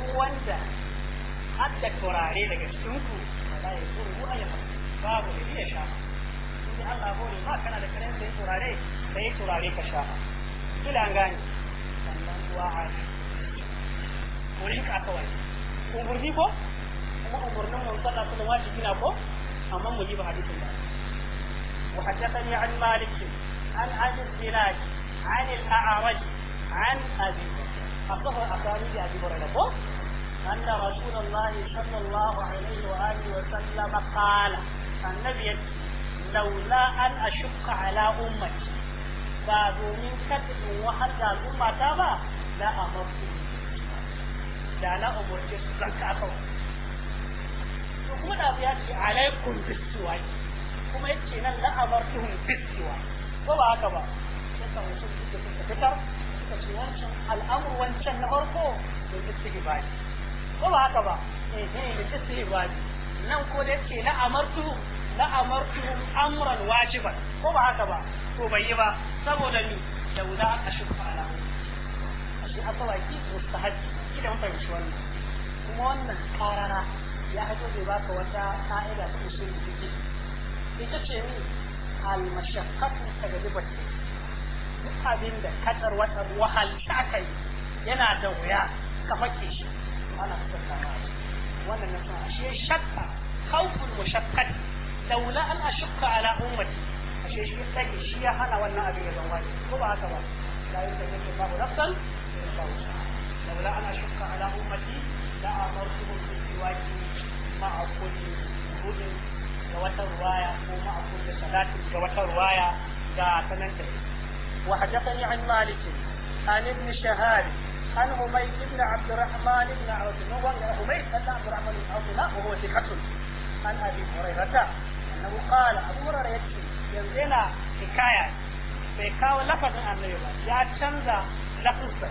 duk wanda hadda turare daga cikin ku wala ya ko ruwa ya babu da iya sha in Allah bore ma kana da karen sai turare sai turare ka sha kila gani sannan du'a hali wurin ka kawai umurni ko kuma umurnin mun sallah kuma wajibi na ko amma mu ji ba hadisin ba wa haddathani an malik an abi zinaj an al-a'raj an abi أصبح أسانيد أبي هريرة أن رسول الله صلى الله عليه وآله وسلم قال النبي لولا أن أشق على أمتي بعد من كتب وحتى ثم تابا لا أمرت لا لا أمرت لك أخوة تقول أبيات عليكم بالسواج كما يتشينا لا أمرتهم بالسواج وما أكبر يسمى يسمى يسمى يسمى يسمى الأمر وانشان أرقو ويسمى يسمى ko ba haka ba eh eh da istihwaji nan ko da yake na amartu na amartu amran wajiban ko ba haka ba ko bai yi ba saboda ni da wuda a shukfa ala shi asawaki mustahabi idan fahimci wannan kuma wannan karara ya hajo zai ka wata ka'ida ta usul fiqi ita ce ni al mashaqqatu kadalibat duk abin da katar wata wahal ta kai yana da wuya ka fake shi wannan na ashe shakka khawfun mushaqqati laula an ashqa ala ummati ashe shi take shi ya hana wannan abin ya zama ko ba haka ba la yukallifu Allahu nafsan illa wus'aha laula an ashqa ala ummati la amartuhum bi siwaki ma'a kulli wudu'in ga wata ruwaya ko ma'a kulli salatin ga wata ruwaya ga sanan da وحدثني عن مالك عن ابن شهاب عن هميد بن عبد الرحمن بن عوف هو هميد بن عبد الرحمن بن عوف وهو ثقة عن أبي هريرة أنه قال أبو هريرة يكفي ينزل حكاية بيكاو لفظ عن نيوبا يا تشمزا لفظا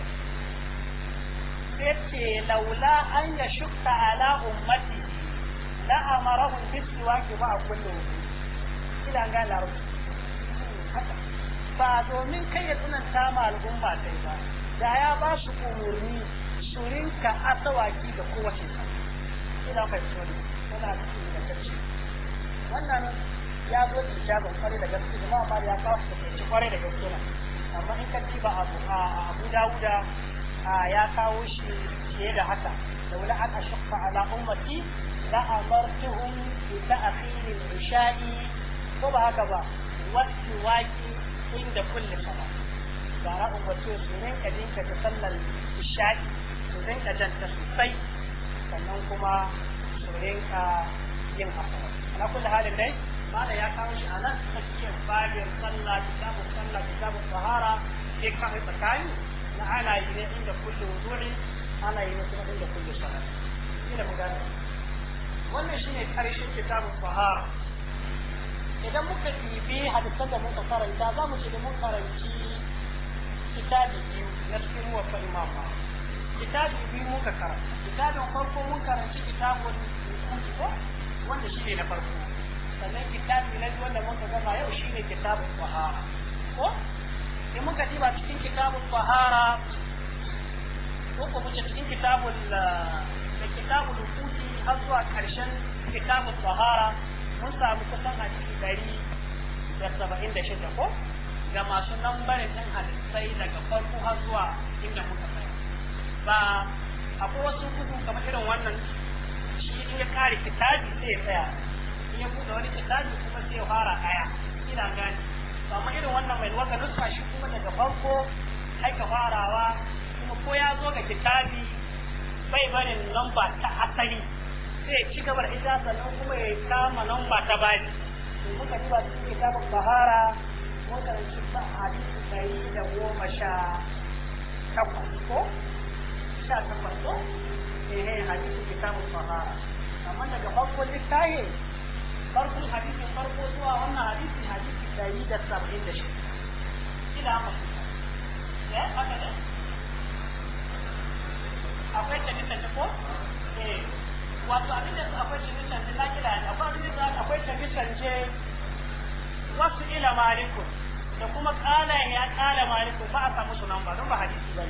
سيتي لولا أن يشك على أمتي لأمرهم بالسواك مع كل إلى أن قال أبو رجل ba domin kayyadunan ta ma al'umma ta da ya ba su umarni su rinka asawaki da kowace ta ina fahimci wani yana nufin da kacce wannan ya zo ijaban kwarai da gaske da ma ya kawo su fahimci kwarai da gaske na amma in ka ba abu a abu dawuda ya kawo shi fiye da haka da wani aka ashakka ala ummati la amartuhum bi ta'khiril isha'i ko ba haka ba wasu waki inda kulli salat gara ce su rinka jinka ta sallar isha'i su rinka janta sosai sannan kuma su rinka yin hasawa ala kulli halin dai ya kawo shi a nan tsakiyar babin sallah kitabun sallah kitabun sahara sai kawo tsakani na ana yi ne inda kulle ana yi ne kuma inda kulle wannan shine karshen kitabun sahara idan muka ɗibi hadisan da muka karanta za mu ce da mun karanci kitabi biyu na cikin wasu imama kitabi biyu muka karanta kitabin farko mun karanci kitabun rukuni ko wanda shi ne na farko sannan kitabi na biyu wanda muka gama yau shi ne kitabun fahara ko sai muka diba cikin kitabun fahara ko ko muke cikin kitabun da kitabun rukuni har zuwa karshen kitabun fahara mun samu kusan hadisi dari da saba'in da shida ko ga masu nambarin ɗin halittai daga farko har zuwa inda muka kai ba akwai wasu kudu kamar irin wannan shi in ya kare kitabi sai ya tsaya in ya buɗe wani kitabi kuma sai ya fara ɗaya ina gani to amma irin wannan mai wata nuska shi kuma daga farko haika ka farawa kuma ko ya zo ga kitabi bai barin lamba ta asali sai ya ci gaba da ita sannan kuma ya kama lamba ta bani to muka su cikin ta bahara makaranci ba a ɗari da goma sha takwas ko sha takwas ko ehe hadisi kitabun sahara amma daga farko littafi farkon hadisin farko zuwa wannan hadisi hadisi ɗari da saba'in da shida ila masu ya haka ne akwai tafi tafi ko eh wato abin da akwai tafi tafi na kila akwai abin da akwai tafi tafi wasu ila malikun da kuma kala ya kala maliku ba a samu sunan ba don ba hadisi ne.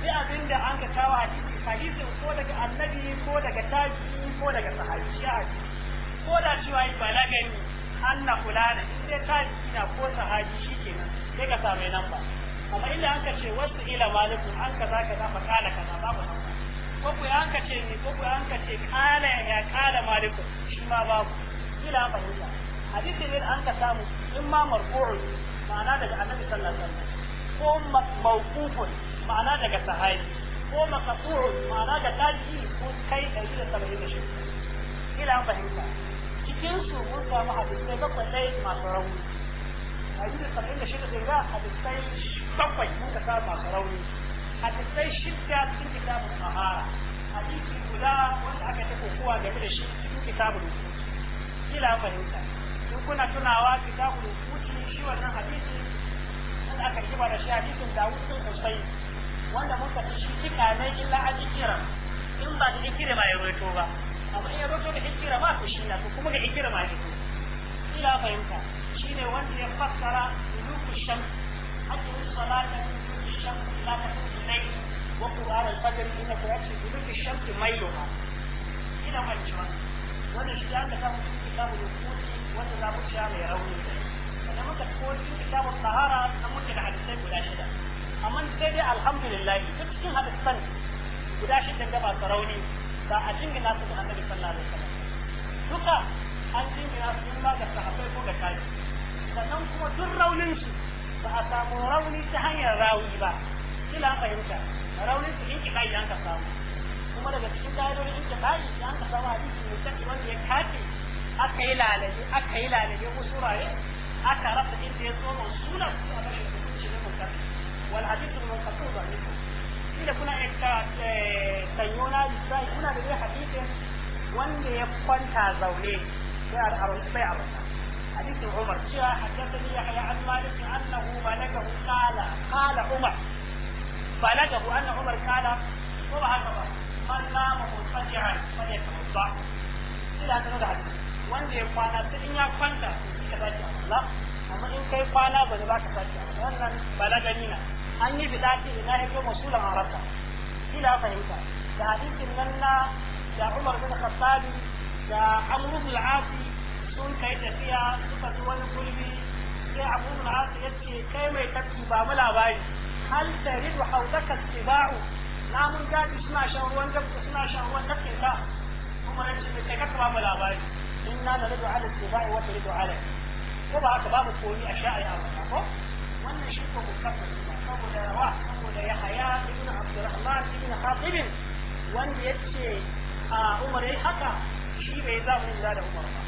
sai abinda an ka kawo hadisi hadisi ko daga annabi ko daga tabi'i ko daga sahabi ya hadisi ko da cewa yi lagani anna fulana in dai tabi'i na ko sahabi kenan sai ka samu nan ba amma inda an ka ce wasu ila maliku an ka za ka zama kala za ba nan ko ku an ka ce ni ko ku an ka ce kala ya kala maliku shi ma babu ila fahimta hadisi ne an ka samu in ma marfu'u ma'ana daga annabi sallallahu alaihi wasallam ko mawqufun ma'ana daga sahabi ko maqtu'un ma'ana da taji ko kai da da 176 kila fahimta cikin su mun samu sai bakwai dai masu rauni hadisai saba'in da shi da daga hadisai bakwai mun ka samu masu rauni hadisai shida cikin kitabun sahara hadisi guda wanda aka tafi kowa game da shi cikin kitabun kila fahimta in kuna tunawa kitabun shi wannan hadisi sun aka rigima da shi hadisin Dawud sun Husayn wanda mun kace shi tika ne illa a jikira in ba da jikira ba ya roto ba amma in ya roto da jikira ba to shi na to kuma da jikira ma ya ila fahimta shi ne wanda ya fassara duluku sham hatta salata duluku sham la ta kunai wa qur'an al-fajr inna qur'an duluku sham mailuha ina manjuwa wannan shi da aka samu cikin kitabu rubuci wanda za mu ci mai rauni da muka ko cikin kitabun sahara da muke da hadisai guda shida amma sai dai alhamdulillah duk cikin hadisan guda shida ga rauni ba a jingina su ga annabi sallallahu alaihi wasallam duka an jingina su ma ga sahabbai ko ga tabi sannan kuma duk raunin su ba a samu rauni ta hanyar rawi ba kila fahimta raunin su in kiɗa an ka samu kuma daga cikin ƙa'idodin in kiɗa an ka samu hadisi mai wanda ya kafe aka yi lalabe aka yi lalabe wasu raye aka rasa inda ya zo mausulan ko a bashi hukunci ne munkar wal hadithu munqatu da ne inda kuna ita eh, sanyona sai kuna da dai wanda ya kwanta zaune sai al'arun sai abun حديث عمر جاء حدثني يحيى عن مالك انه بلغه قال قال عمر بلغه ان عمر قال سبحان الله من نام da فليتوضا Wanda ya kwana وان in ya kwanta. ka sake alwala amma in kai kwana ba za ka sake wannan balagani na an yi bidati ina ya kai masulan arabta fahimta da hadisin nan na da Umar bin Khattab da Amr bin al sun kai tafiya suka ji wani gurbi sai Abu al-As ya ce kai mai tafi ba mu labari hal taridu hawdaka tibau namun daji suna shan ruwan dabba suna shan ruwan tafkin ka kuma nan ce kai ka ba mu labari inna naridu ala tibai wa taridu ala ko ba haka babu komi a sha'ai a wata ko wannan shi ko mukaffar suna saboda rawa saboda ya haya ibn abdurrahman ibn khatib wanda yace a umar yayi haka shi bai zamu da umar ba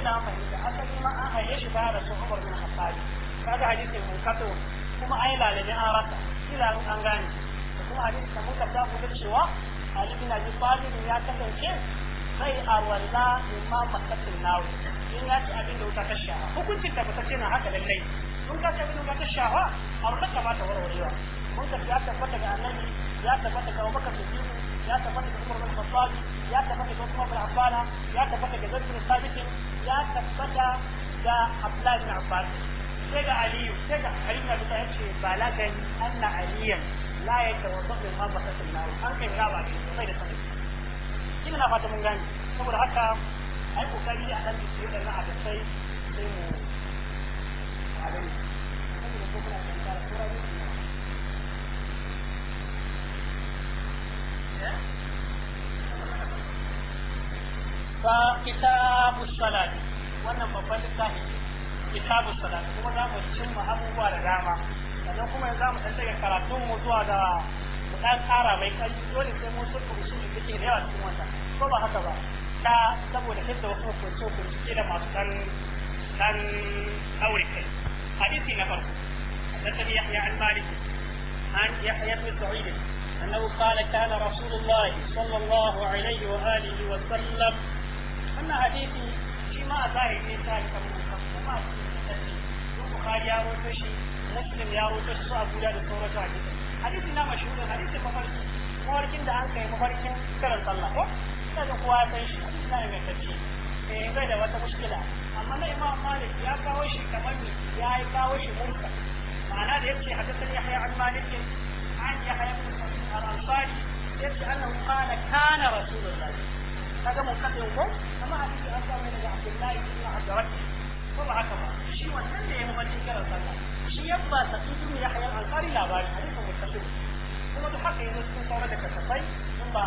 ina fahimta asali ma an haye shi ba da sun umar bin khattab kaga hadisin mukaffar kuma ai lalabi an rasa ila an gane kuma hadisin da muka ta ku cewa Ali bin Abi Talib ya kasance sai a walla imam makasin nawo in ka ci abin da wuta ta shafa. hukuncin da fata ce na haka lallai in ka ci abin da wuta ta shawa a wurin ka bata warwarewa mun ka ya tabbata ga annabi ya tabbata ga Abubakar Siddiq ya tabbata ga Umar bin Khattab ya tabbata ga Uthman bin Affan ya tabbata ga Zaid bin Thabit ya tabbata ga bin Abbas sai ga Aliyu sai ga anna aliyan la ma an kai sai da sanin na fata mun gani saboda haka ai kokari a kan su da na da sai sai mu abin saboda ko kuna ta tara ko rayu fa kitabu salat wannan babban littafi kitabu salat kuma za mu cimma abubuwa da dama sannan kuma za mu ɗan daga karatun mu zuwa da mu ɗan tsara mai kai dole sai mun sun kurusu da yawa cikin wannan ko ba haka ba ka saboda hidda wasu wasu so ku ci da masu kan kan aurika hadisi na farko da tabi ya an mari an ya ya fi sa'idi annahu qala kana rasulullahi sallallahu alaihi wa alihi wa sallam wannan hadisi shi a zahiri ne ta ta mun ka kuma shi bukhari ya roto shi muslim ya roto su a guda da sauran hadisi hadisi na mashhur hadisi mafarki mafarkin da an kai mafarkin karan sallah da kowa san shi na ingantacce eh bai da wata mushkila amma na imam malik ya kawo shi kamar ni ya yi kawo shi murka ma'ana da yace hadathani yahya an malik an yahya ibn sa'id al-ansari yace annahu qala kana rasulullah kaga mun kace ko amma hadisi an samu daga abdullahi ibn abdurrahman ko ba haka ba shi wannan da ya mu mamanci kiran sallah shi yabba sa'id ibn yahya al-ansari labari hadisin mutasil kuma duk haka yanzu sun saurar da kasafai sun ba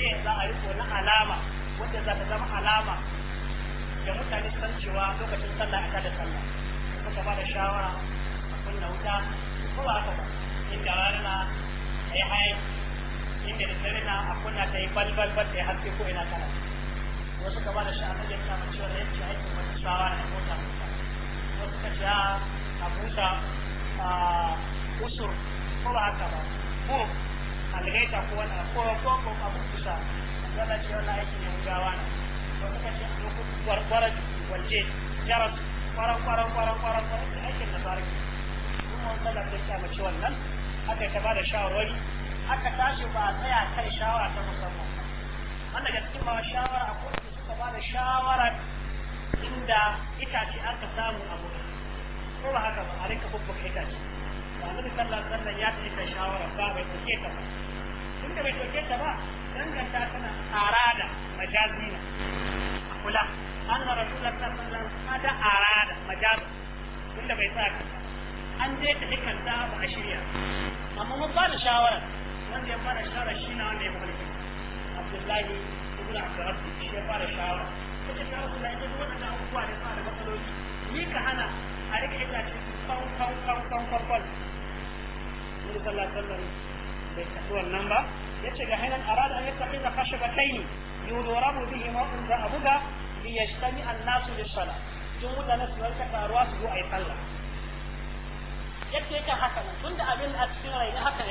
sai za a yi na alama wanda za ta zama alama da mutane san cewa lokacin sallah a da sallah muka ba da shawara a kunna wuta ko ba haka ba inda rana ta yi haye inda da dare na a kunna ta yi balbal bal ta yi haske ko ina kana wasu ka ba da shawara da ta mace wanda yake aikin wata shawara da mota wasu ka ce ah, a busa ah, usur ko ba haka ba ko algaita ko wani ko ko kusa zalla ce wannan aikin ne gawa na to muka ce an ku kwarkwara walje jarat kwaran kwaran kwaran kwaran kwaran da aikin da sarki kuma wannan da ta kama ce wannan aka ta bada shawarwari aka tashi ba a tsaya kai shawara ta musamman wanda ga cikin ba shawara akwai da suka bada shawara inda itace aka samu abu ko ba haka ba a rinka bubbuka itace ba annabi sallallahu alaihi wasallam ya tafi shawara ba bai kuke ta ba da bai ɗauke ta ba danganta tana arada majazina a kula an rasulullah sallallahu alaihi wasallam ta arada majazi tunda bai tsaka an je ta ba a shirya amma mun ba shawara wanda ya fara shawara shi na wanda ya mulki abdullahi ibn abdurrahman shi ya fara shawara kace rasulullah wannan abubuwa da suna da matsaloli ni ka hana a rika itace su kan kan kan kan kan kan sallallahu alaihi wasallam bai tafi wannan ba يتجه حينا أراد أن يتخذ خشبتين يدرب بهما أنت أبوك ليجتمع الناس للصلاة جمود الناس يولك فأرواس هو أي طلع يتجه حكا تند أبن أكثر إلى حكا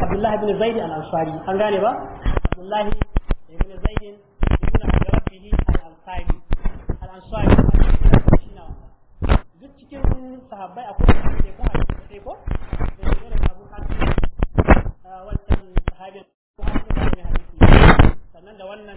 عبد الله بن زيد الانصاري ان غالبا إيه؟ عبد الله بن زيد al-ansari al-ansari shi na wannan duk cikin sahabbai akwai da ke kuma sai ko da da abu wannan sahabin ko da hadisi sannan da wannan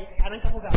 za a a nan ka buga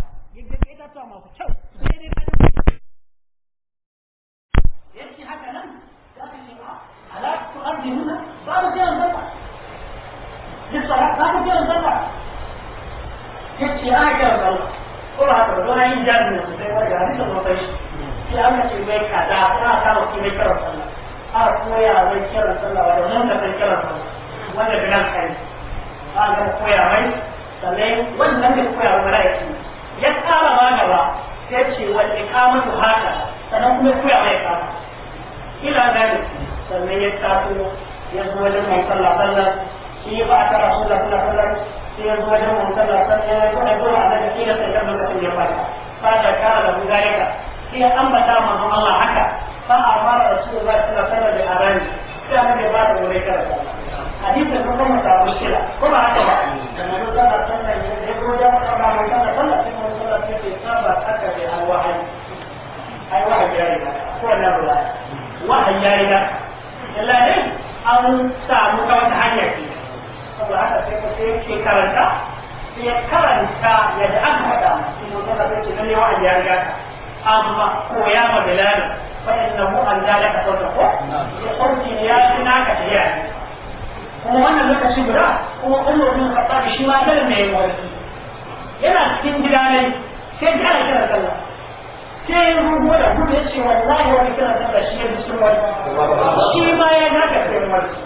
shi ba ta rasu da suna sallar sai ya zo wajen mun sallar sai ya zo aiko a daga kila sai kan lokacin ya fara fada kara da gudarika sai ya ambata manzon Allah haka fa a fara rasu da suna sallar da arani sai annabi ya fara wurin karanta hadisin ko kuma ta mushkila ko ba haka ba da manzon Allah sallar ya zo wajen mun sallar mun sallar sallar sai mun sallar sai ya saba haka da alwahayi ai wahayi ya riga ko wannan ruwa wahayi ya riga illa dai an samu ta wata hanya ce saboda haka sai ka sai ke karanta sai ya karanta yadda aka faɗa shi ne kuma sai ce lalle wa'an ya riga ka amma koya ma bilal fa mu an zalika sauta ko ya sauki ya fi naka tafiya ne kuma wannan lokaci guda kuma umar bin khattab shi ma da mai warki yana cikin gida ne sai ga kira sallah sai ya rubo da gudu ya ce wallahi wani kira sallah shi ya bi sun shi ma ya naka sai warki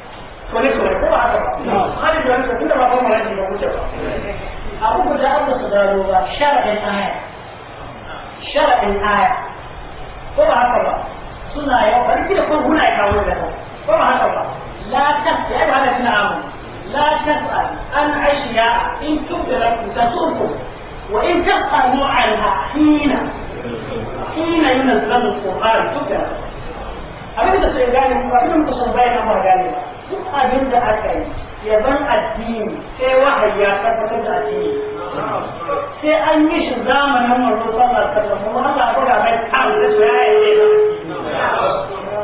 kwale-kwale ko ba haka ba halin da wani tunda ba ba maraji ba kuce ba abu guda an da su gano ba sharaɗin aya sharaɗin aya ko ba haka ba suna yawa bari kila ko huna ya kawo da ko ba haka ba la tasa ya ba haka suna amu la tasa an ashiya in tubda tasurku wa in tasa mu'alha hina hina yunazzalu alquran tubda abin da sai gane abin da sun bayyana ba gane duk abin da aka yi ya zan addini sai wahayi ya tabbatar da addini sai an yi shi zamanin manzo sallallahu alaihi wasallam kuma Allah ya buga mai kan da su ya yi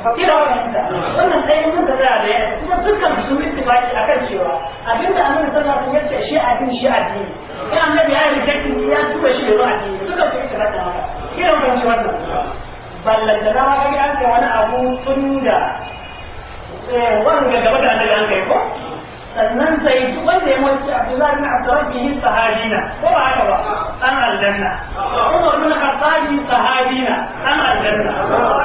fakira wannan wannan sai mun da za da kuma dukkan su ittifaqi akan cewa abin da annabi sallallahu alaihi wasallam ya ce shi addini shi addini sai annabi ya yi rejecting ya tuba shi ya addini duka su ittifaqi haka kira wannan wannan ballanta da maka ga an kai wani abu tun da eh, wanga gaba da annabi an kai ko sannan sai duk wanda ya mutu Abdullahi bin Abdurrahman sahabina ko ba haka ba an aljanna Umar ka Khattab sahabina an aljanna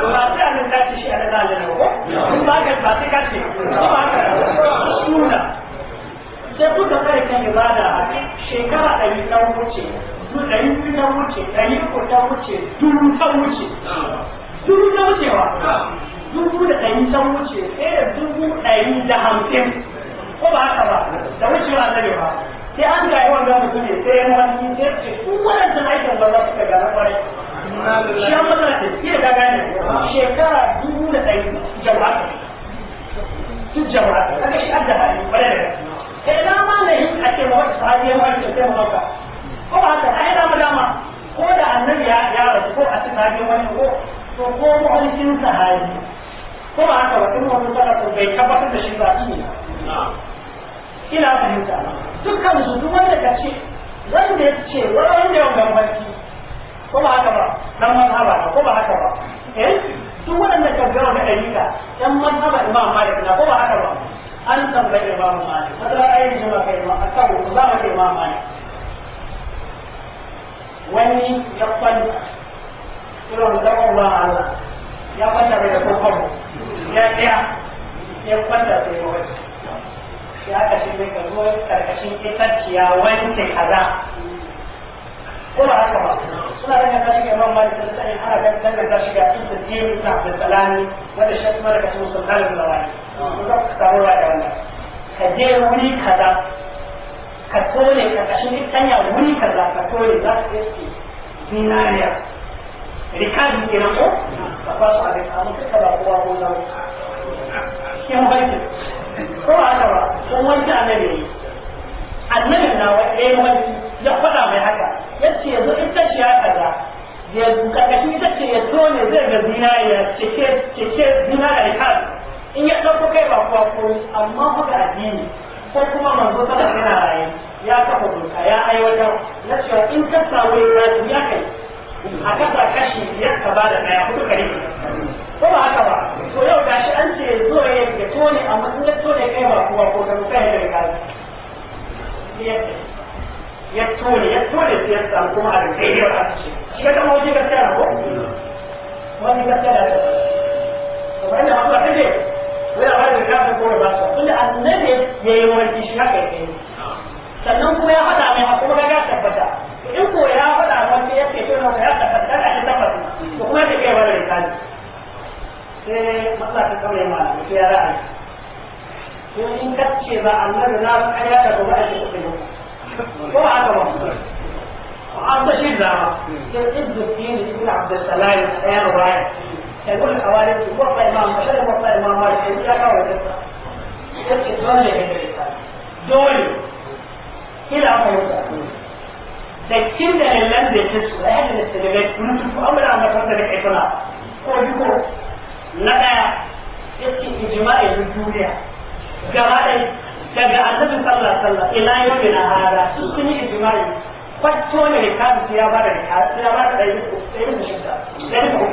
ba sai an ta ci shi a da aljanna ko ba ka ba sai ka ko ba haka suna sai kuka kai kan ibada shekara ɗari ɗan wuce ɗari biyu ta wuce ɗari uku ta wuce dubu ta wuce dubu ta wucewa dubu da ɗari ta wuce sai da dubu ɗari da hamsin ko ba haka ba da wuce ba annabi ba sai an ga yawan ga mutum ne sai ya wani sai ce su waɗannan aikin ba za su ka gano kwarai shi an matsala ta fiye da gane shekara dubu da ɗari jama'a duk jama'a kaga shi an da hali kwarai da gaske sai na ma na yi ake ce ma wata sahabi ya wani da sai mu hauka ko ba haka ai da dama ko da annabi ya ya rasu ko a cikin hajji wani ko to ko mu'alcin sahabi ko ba haka wani wani sarrafa bai tabbatar da shi ba ne ina fahimta dukkan su duk wanda ka ce wanda ya ce wanda ya gambanci ko ba haka ba dan mazhaba ko ba haka ba eh duk wanda ka ga wani dalila dan mazhaba imam malik na ko ba haka ba an tambaye imam malik kada ayi jama'a kai ma akabu zama kai imam malik wani ya kwanta irin zaman ba Allah ya kwanta bai da kokon ya tsaya ya kwanta sai ya wace ya aka ce bai gano karkashin itacciya wance kaza ko ba haka ba suna daga ta shiga man malik da tsari ana ga daga ta shiga ibn tayyib ibn abd salami wanda shi kuma daga cikin sultan da zawani ko za samu kawo da wannan ka je wuri kaza ka tone karkashin littanya wuri kaza ka tone za su iske zinariya rikadi kenan ko ka ba su abin amma kaka ba kowa ko zama yan baiti ko ba haka ba ko wani annabi ne annabi na wani eh, wani ya faɗa mai haka ya ce yanzu ita ce ya kaza ya karkashin ita ce ya tone zai ga zinariya cike cike zinariya rikadi in ya ɗauko kai ba kowa ko amma haka addini ko kuma manzo sallallahu alaihi wasallam yana raye ya kafa doka ya aiwatar na cewa in ka samu ibrahim ya kai a kasa kashi ya ka ba da daya kudu kare ko ba haka ba to yau gashi an ce zo ya ga tone amma in ka tone kai ba kuma ko ka rufe da kai ya tone ya tone sai ya samu kuma a rufe ya ba ce shi ya kama waje gaskiya na ko Kuma wani gaskiya da to ba ina ba kaje wani ba da gaskiya ko ba tunda annabi yayi wani shi haka yake sannan kuma ya faɗa mai hakuma ga ya tabbata in ko ya faɗa wanda ya ce na ya tabbata kana shi tabbata to kuma ya kai kai sai Allah ta kawai ma ne ya ra'ayi ko in kace ba annabi na kaya da kuma a cikin ko ba haka ba وعبد الشيء زعما ابن الدين ابن عبد السلام الآن رايح يقول الحوالي وقع إمام بشر وقع إمام مالك يقول لك أولا يقول لك Dole. الى عمليه العقود تكتير الالمان بيتسوا اهل الاستجابات بلوتو في امر عم يفضل الاقناع ويقول لقى اسم اجماع الدنيا كمان daga annabi sallallahu alaihi wasallam ila yau na hada su sun yi ijma'i kwato ne kan ya bada ya bada da yi ko sai mu shiga sai ko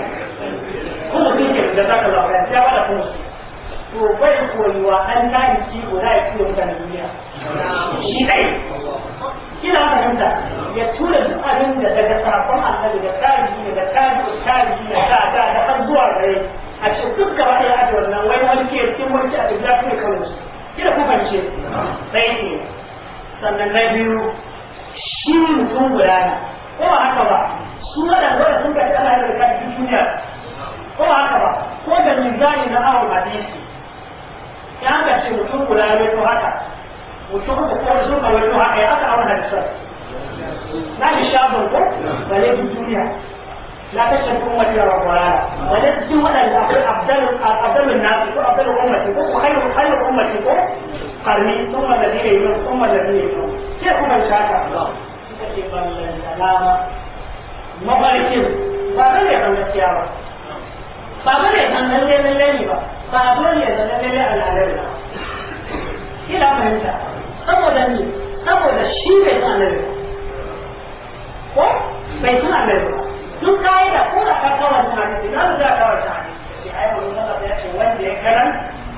kuma kike da zaka lafiya ya bada kuma to bai koyuwa an na yi ci ko na yi ciwo mutane duniya shi kai kina fahimta ya tura duk abin da daga sakon annabi da tarihi da tarihi tarihi da ta ta da har zuwa gare a ce duk gaba ɗaya a wannan wai wani ke cikin mulki a duk lafiya kan su kina ku fahimce sai ne sannan na biyu shi mutum guda ne ko ba haka ba su waɗanda wanda sun ka ci ana yin rikadi duniya ko ba haka ba ko da mizani na awon hadisi ya ga ce mutum guda ya wato haka mutum haka ko sun ka wato haka ya haka a wannan hadisar na shi shafin ko ba ne duniya لا تشرك أمتي ربها ولا تسيب ولا الأفضل أفضل الناس أفضل أمتي وخير خير أمتي قرني ثم الذين يلون ثم الذين يلون كيف من شاء الله كتب السلام مباركين فأنا يا رب فأنا يا يا رب فأنا يا يا رب halitta saboda ni saboda shi bai san annabi ko bai san annabi ba duk ka'ida ko da ka kawar ta hadisi na da za ka kawar ta hadisi shi ayi wani sallah ya ce wanda ya garan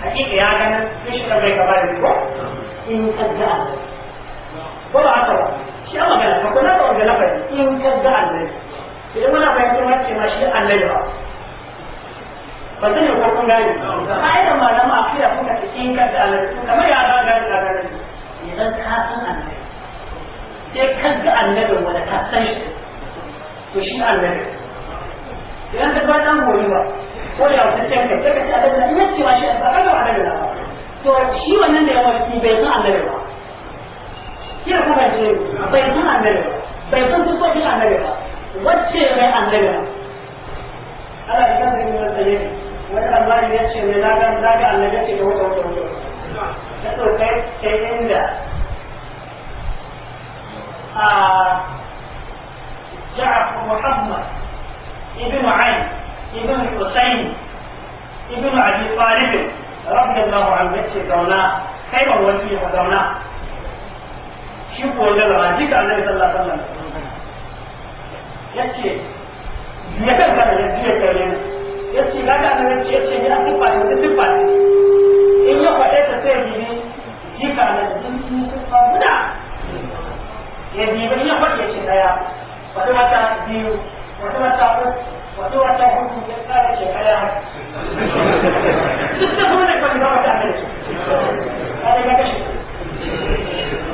hakika ya garan sai shi bai gaba da ko in ka ga ko ba haka ba shi an magana ba ko na ba ga lafazi in ka ga annabi sai muna ce ma shi annabi ba ba su ne ko a gani ka'idar malama a kira kuka ta cikin kan da alaƙa kamar ya ba gani a gani idan ka san annabi sai ka ga annabin wanda ka san shi to shi annabi idan ka ba dan goyi ba ko da wata can ka sai ka ci annabi na iya cewa shi ba kaga annabi na ba to shi wannan da yawa shi bai san annabi ba kira kuka ce bai san annabi ba bai san duk wani annabi ba wacce mai annabi ba Allah ya kasance mai tsaye wani labari ya ce mai naga naga annabi ce da wata wata wata ta ɗaukai ta inda a ja'afar muhammad ibn ayn ibn husayn ibn abi talib radiyallahu anhu yace zauna kai ban wani ya zauna shi ko wanda ba jika annabi sallallahu alaihi wasallam yace ya kan ka da jiya kare ya ce kaga annabi ya ce ya tufa ne ta tufa ne in ya faɗe ta sai ne yi ka na jin tufa guda ya biyu in ya faɗe ce ɗaya wata wata biyu wata wata uku wata wata hudu ya tsara ce ɗaya duk da kuma da kwanci ba wata annabi ce ka ga kashe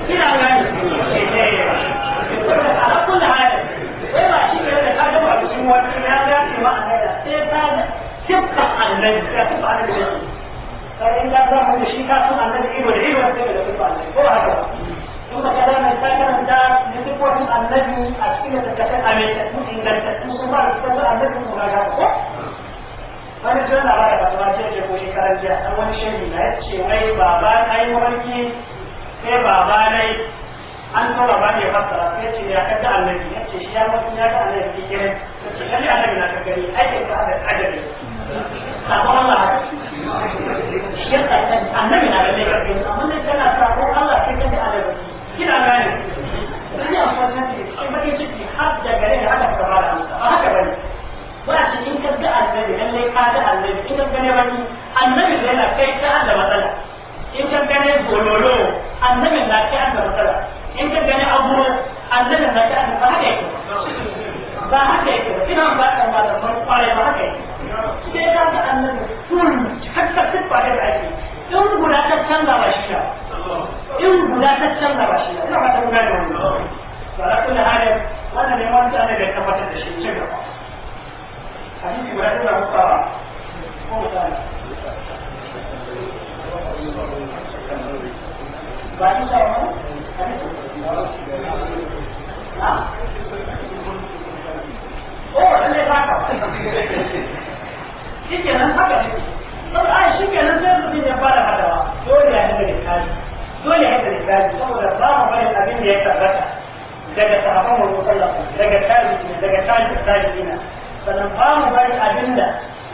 ina gani ce ɗaya ba saboda ala kullu hali wai ba shi ne da ka gama cikin wani kaga tibka annabi ka tibka annabi da shi kar in ka zama da shi ka tibka annabi ibo da ibo da tibka da tibka annabi ko haka tun ka kada mai ta kan da ne duk wani annabi a cikin da ka kan amin da tun in ganta tun kun ba ka tibka annabi ko haka ko wani jiran na baka ta ce ce ko shi karan jiya dan wani shehu da ya ce wai baba kai mulki sai baba nai an tura ba ne fasara sai ce ya kaga annabi ya ce shi ya mutum ya ga annabi ki kiran لكن يعني أنا من أفكاري هذا عجبي سابون الله الشيخ أنا من أفكاري أمن الجنة سابون الله كيف أنت أجبي كنا ماني أنا أفضل نفسي الشيخ ما يجبني حتى قريب على كبار أمسا وهكذا وعشان إن كبدا النبي هل لي قاد النبي إن كان يبني النبي لنا كيف هذا مثلا إن كان يقولوا النبي لا كيف هذا مثلا إن كان يقولوا النبي لا كيف هذا مثلا ba haka yake ba ina ba da malaman kwarai ba haka yake sai ka ga annabi full hatta sifa da ake in guda ta canza ba shi ba in guda ta canza ba shi ba ina ba ta guda da wannan to ala kulli wannan ne wanda ana da tabbatar da shi cin gaba hadisi guda da muka ko ta ba shi ba hadisi oh lalle ba ka shi kenan haka ne saboda ai shi kenan sai mutum ya fara hadawa dole ya hada littafi dole ya hada littafi saboda ba mu barin abin da ya tabbata daga sahabban mu musallafu daga tabi'i daga tabi'i tabi'ina sannan ba mu barin abin da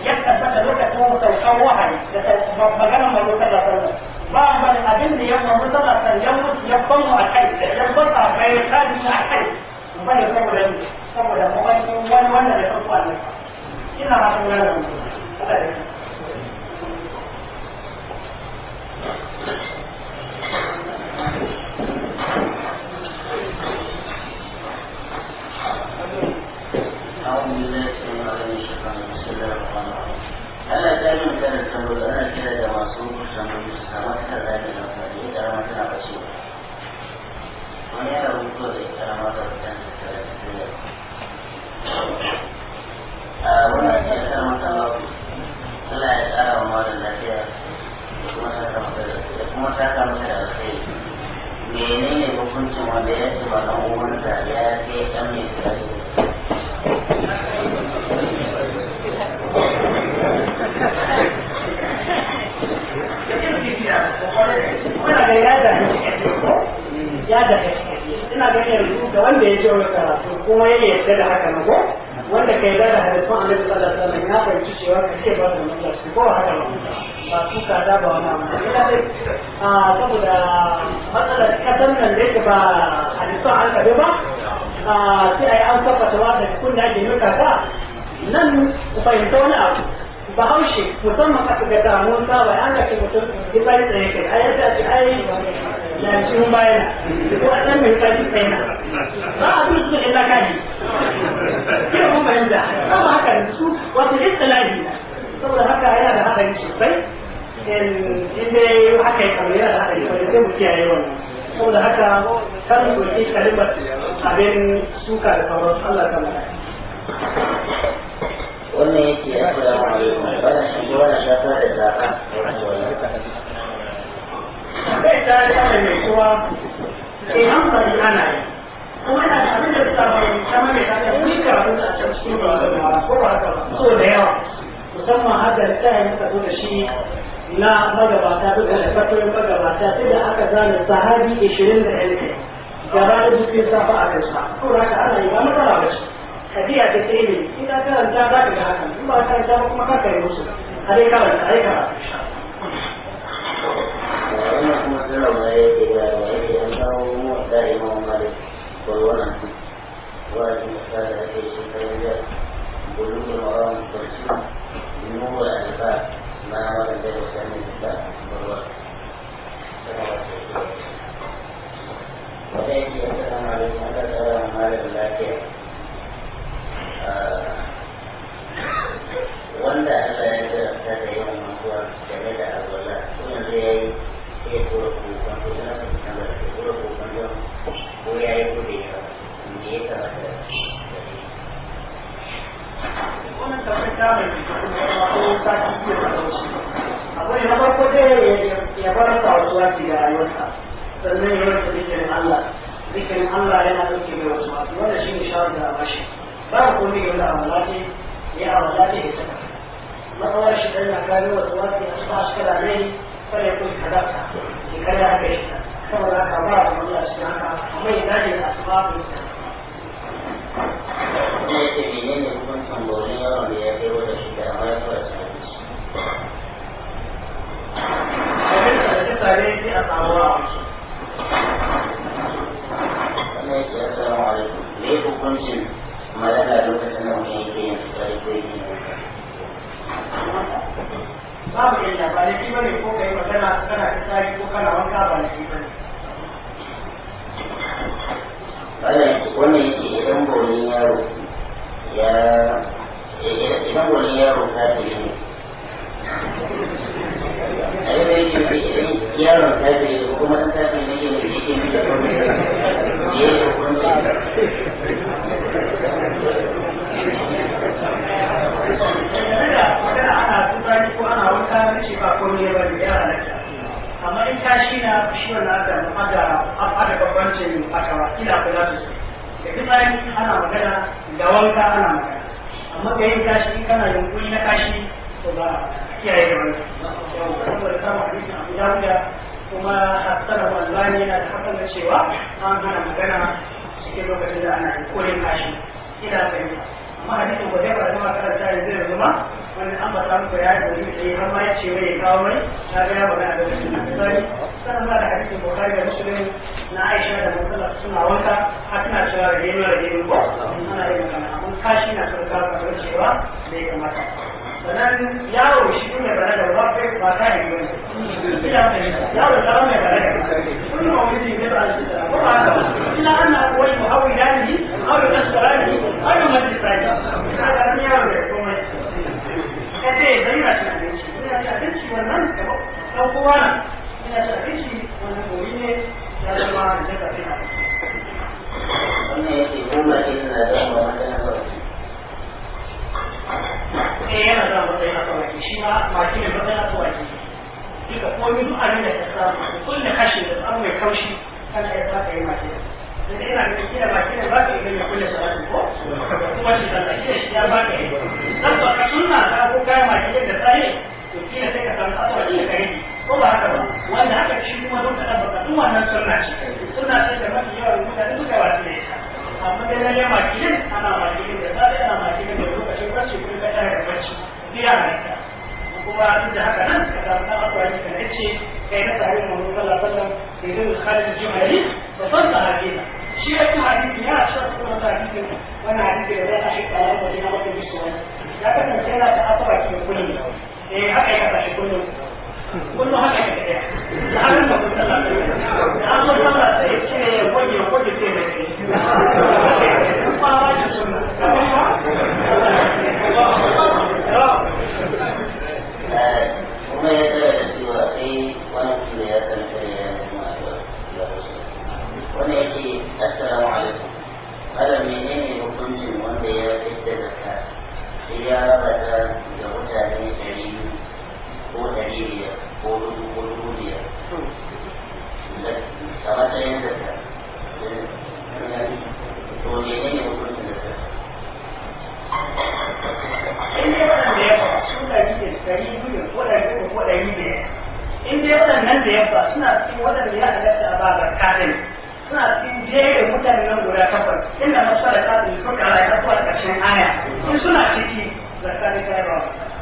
ya tabbata lokacin mu saukan wahayi da magana mai lokacin sallah ba mu barin abin da ya mu sallah ya mu ya ban mu a kai ya ban a kai tabi'i a kai mu bari saboda saboda wani wani wanda da kanku Allah ina ma tun gana mutum Allah da ana tsarin karin tambayi ana kira da masu tambayi su samu takarda da amfani da rama tana bacewa wani yana rubuta da ita rama da ta tattara da wanda ya ina ga yanzu ga wanda ya je wa karatu kuma ya yarda da haka na wanda ka yarda da hadisan annabi sallallahu ba da mutunci haka ba ba su ka da ba wani abu saboda matsalar kasar nan da yake ba a nisa an kabe ba sai a yi an tabbata ba da kun da ake yi kasa nan ku fahimta wani abu bahaushe musamman a ga damuwar saba an kace mutum ya bari tsaye kai ai yadda ce ai ya ci mun bayan ko a san mai kai tsaye na ba a duk su illa kai ke mun yanzu da ba haka su wata istilahi saboda haka yana da hadari sosai in dai haka ya kamar yana haka ya saboda haka kar mu kalimar abin suka da sauran Allah ta mara wannan yake assalamu alaikum wannan shi ne wannan shafa da zaka bai ta yana mai kowa eh an bari ana yi kuma da abin da ta bari kamar da ta yi kuma a cikin ba da ko ba haka so da yawa musamman haka da ta yi muka zo da shi na magabata duka da fatoyin magabata sai da aka zane sahabi 20 da yan kai gaba da duk yin safa a kansa ko haka ana yi ba matsala ba ce hadiya ce ta ilimi in ka karanta za ka ga hakan in ba ka karanta ba kuma ka kai musu a dai karanta a dai karanta wannan kuma suna ma ya ce ga ya ce an kawo mu da imam malik wannan wani misali da ke shi kan bulu da maram da shi nuna alfa Thank you. da ya kamata sannan yaro shi ne balaga ba kai ba ta yi ba yaro ta mai balaga kullu ma wani ne ba shi da ba ba illa anna wani muhawilani aw nasrani aw majlisani kaga ni yaro da kuma kace dan na shi abinci ina shi abinci wannan kamar dan kowa ina shi abinci wannan goyi ne ya zama da kafin wannan yake goma ina da wannan ɗaya yana da matsayin asawaki shi ma maki mai matsayin asawaki duka komai duk abin da ka samu kulle kashe da abu mai kaushi kana iya sa ka yi maki da da yana da maki da ba ka yi ya kulle salatu ko kuma shi sallah kira shi ya ba ka yi dan ba ka sunna ta ko ka yi maki da tsaye to kila sai ka samu asawaki da kai ko ba haka ba wanda haka shi kuma don ka tabbata duk wannan sunna ce sunna ce da mafi yawan mutane suka wasu da ita amma dai lalle makilin ana makilin da safe ana makilin da lokacin barci kuma da ɗaya da barci biya da kuma duk da haka nan ka samu ɗan abuwa ne kan ce kai na sahihin mu sallallahu alaihi wasallam da zai khalid jimali da son shi ya kuma hadisi ya shi kuma hadisi wannan hadisi da zai shi kawo da dina wata ya kasance yana ta abuwa ke kullum eh haka ya kasance kullum kullum haka ya kaɗaya da hannun kuma ya tsara ya san ya wani menene hukuncin wanda ya fitar da ka sai ya da mutane ko ɗari biyar ko dubu ko dubu biyar a matsayin zakka to ne ne in dai waɗanda ya ko ko in da ya suna cikin waɗanda ya halatta ba zakka ɗin suna cikin jerin mutane nan guda takwas inda masu da kafin suka rayar a ƙarshen aya in suna ciki zakka ta yi ba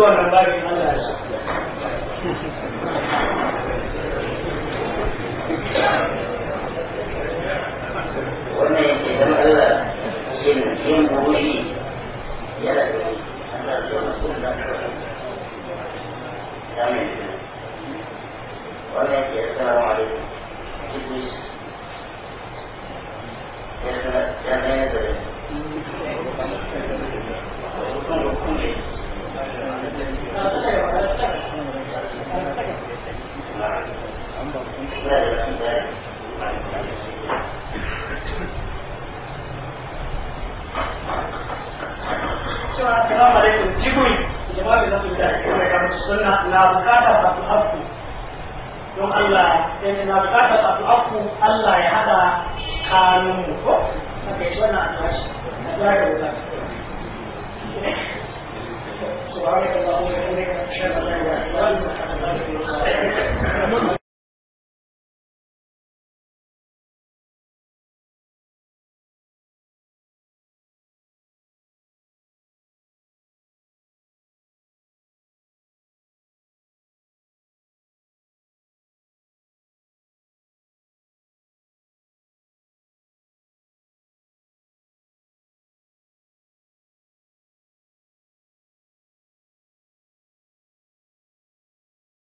zuwa nan babin Allah ya sa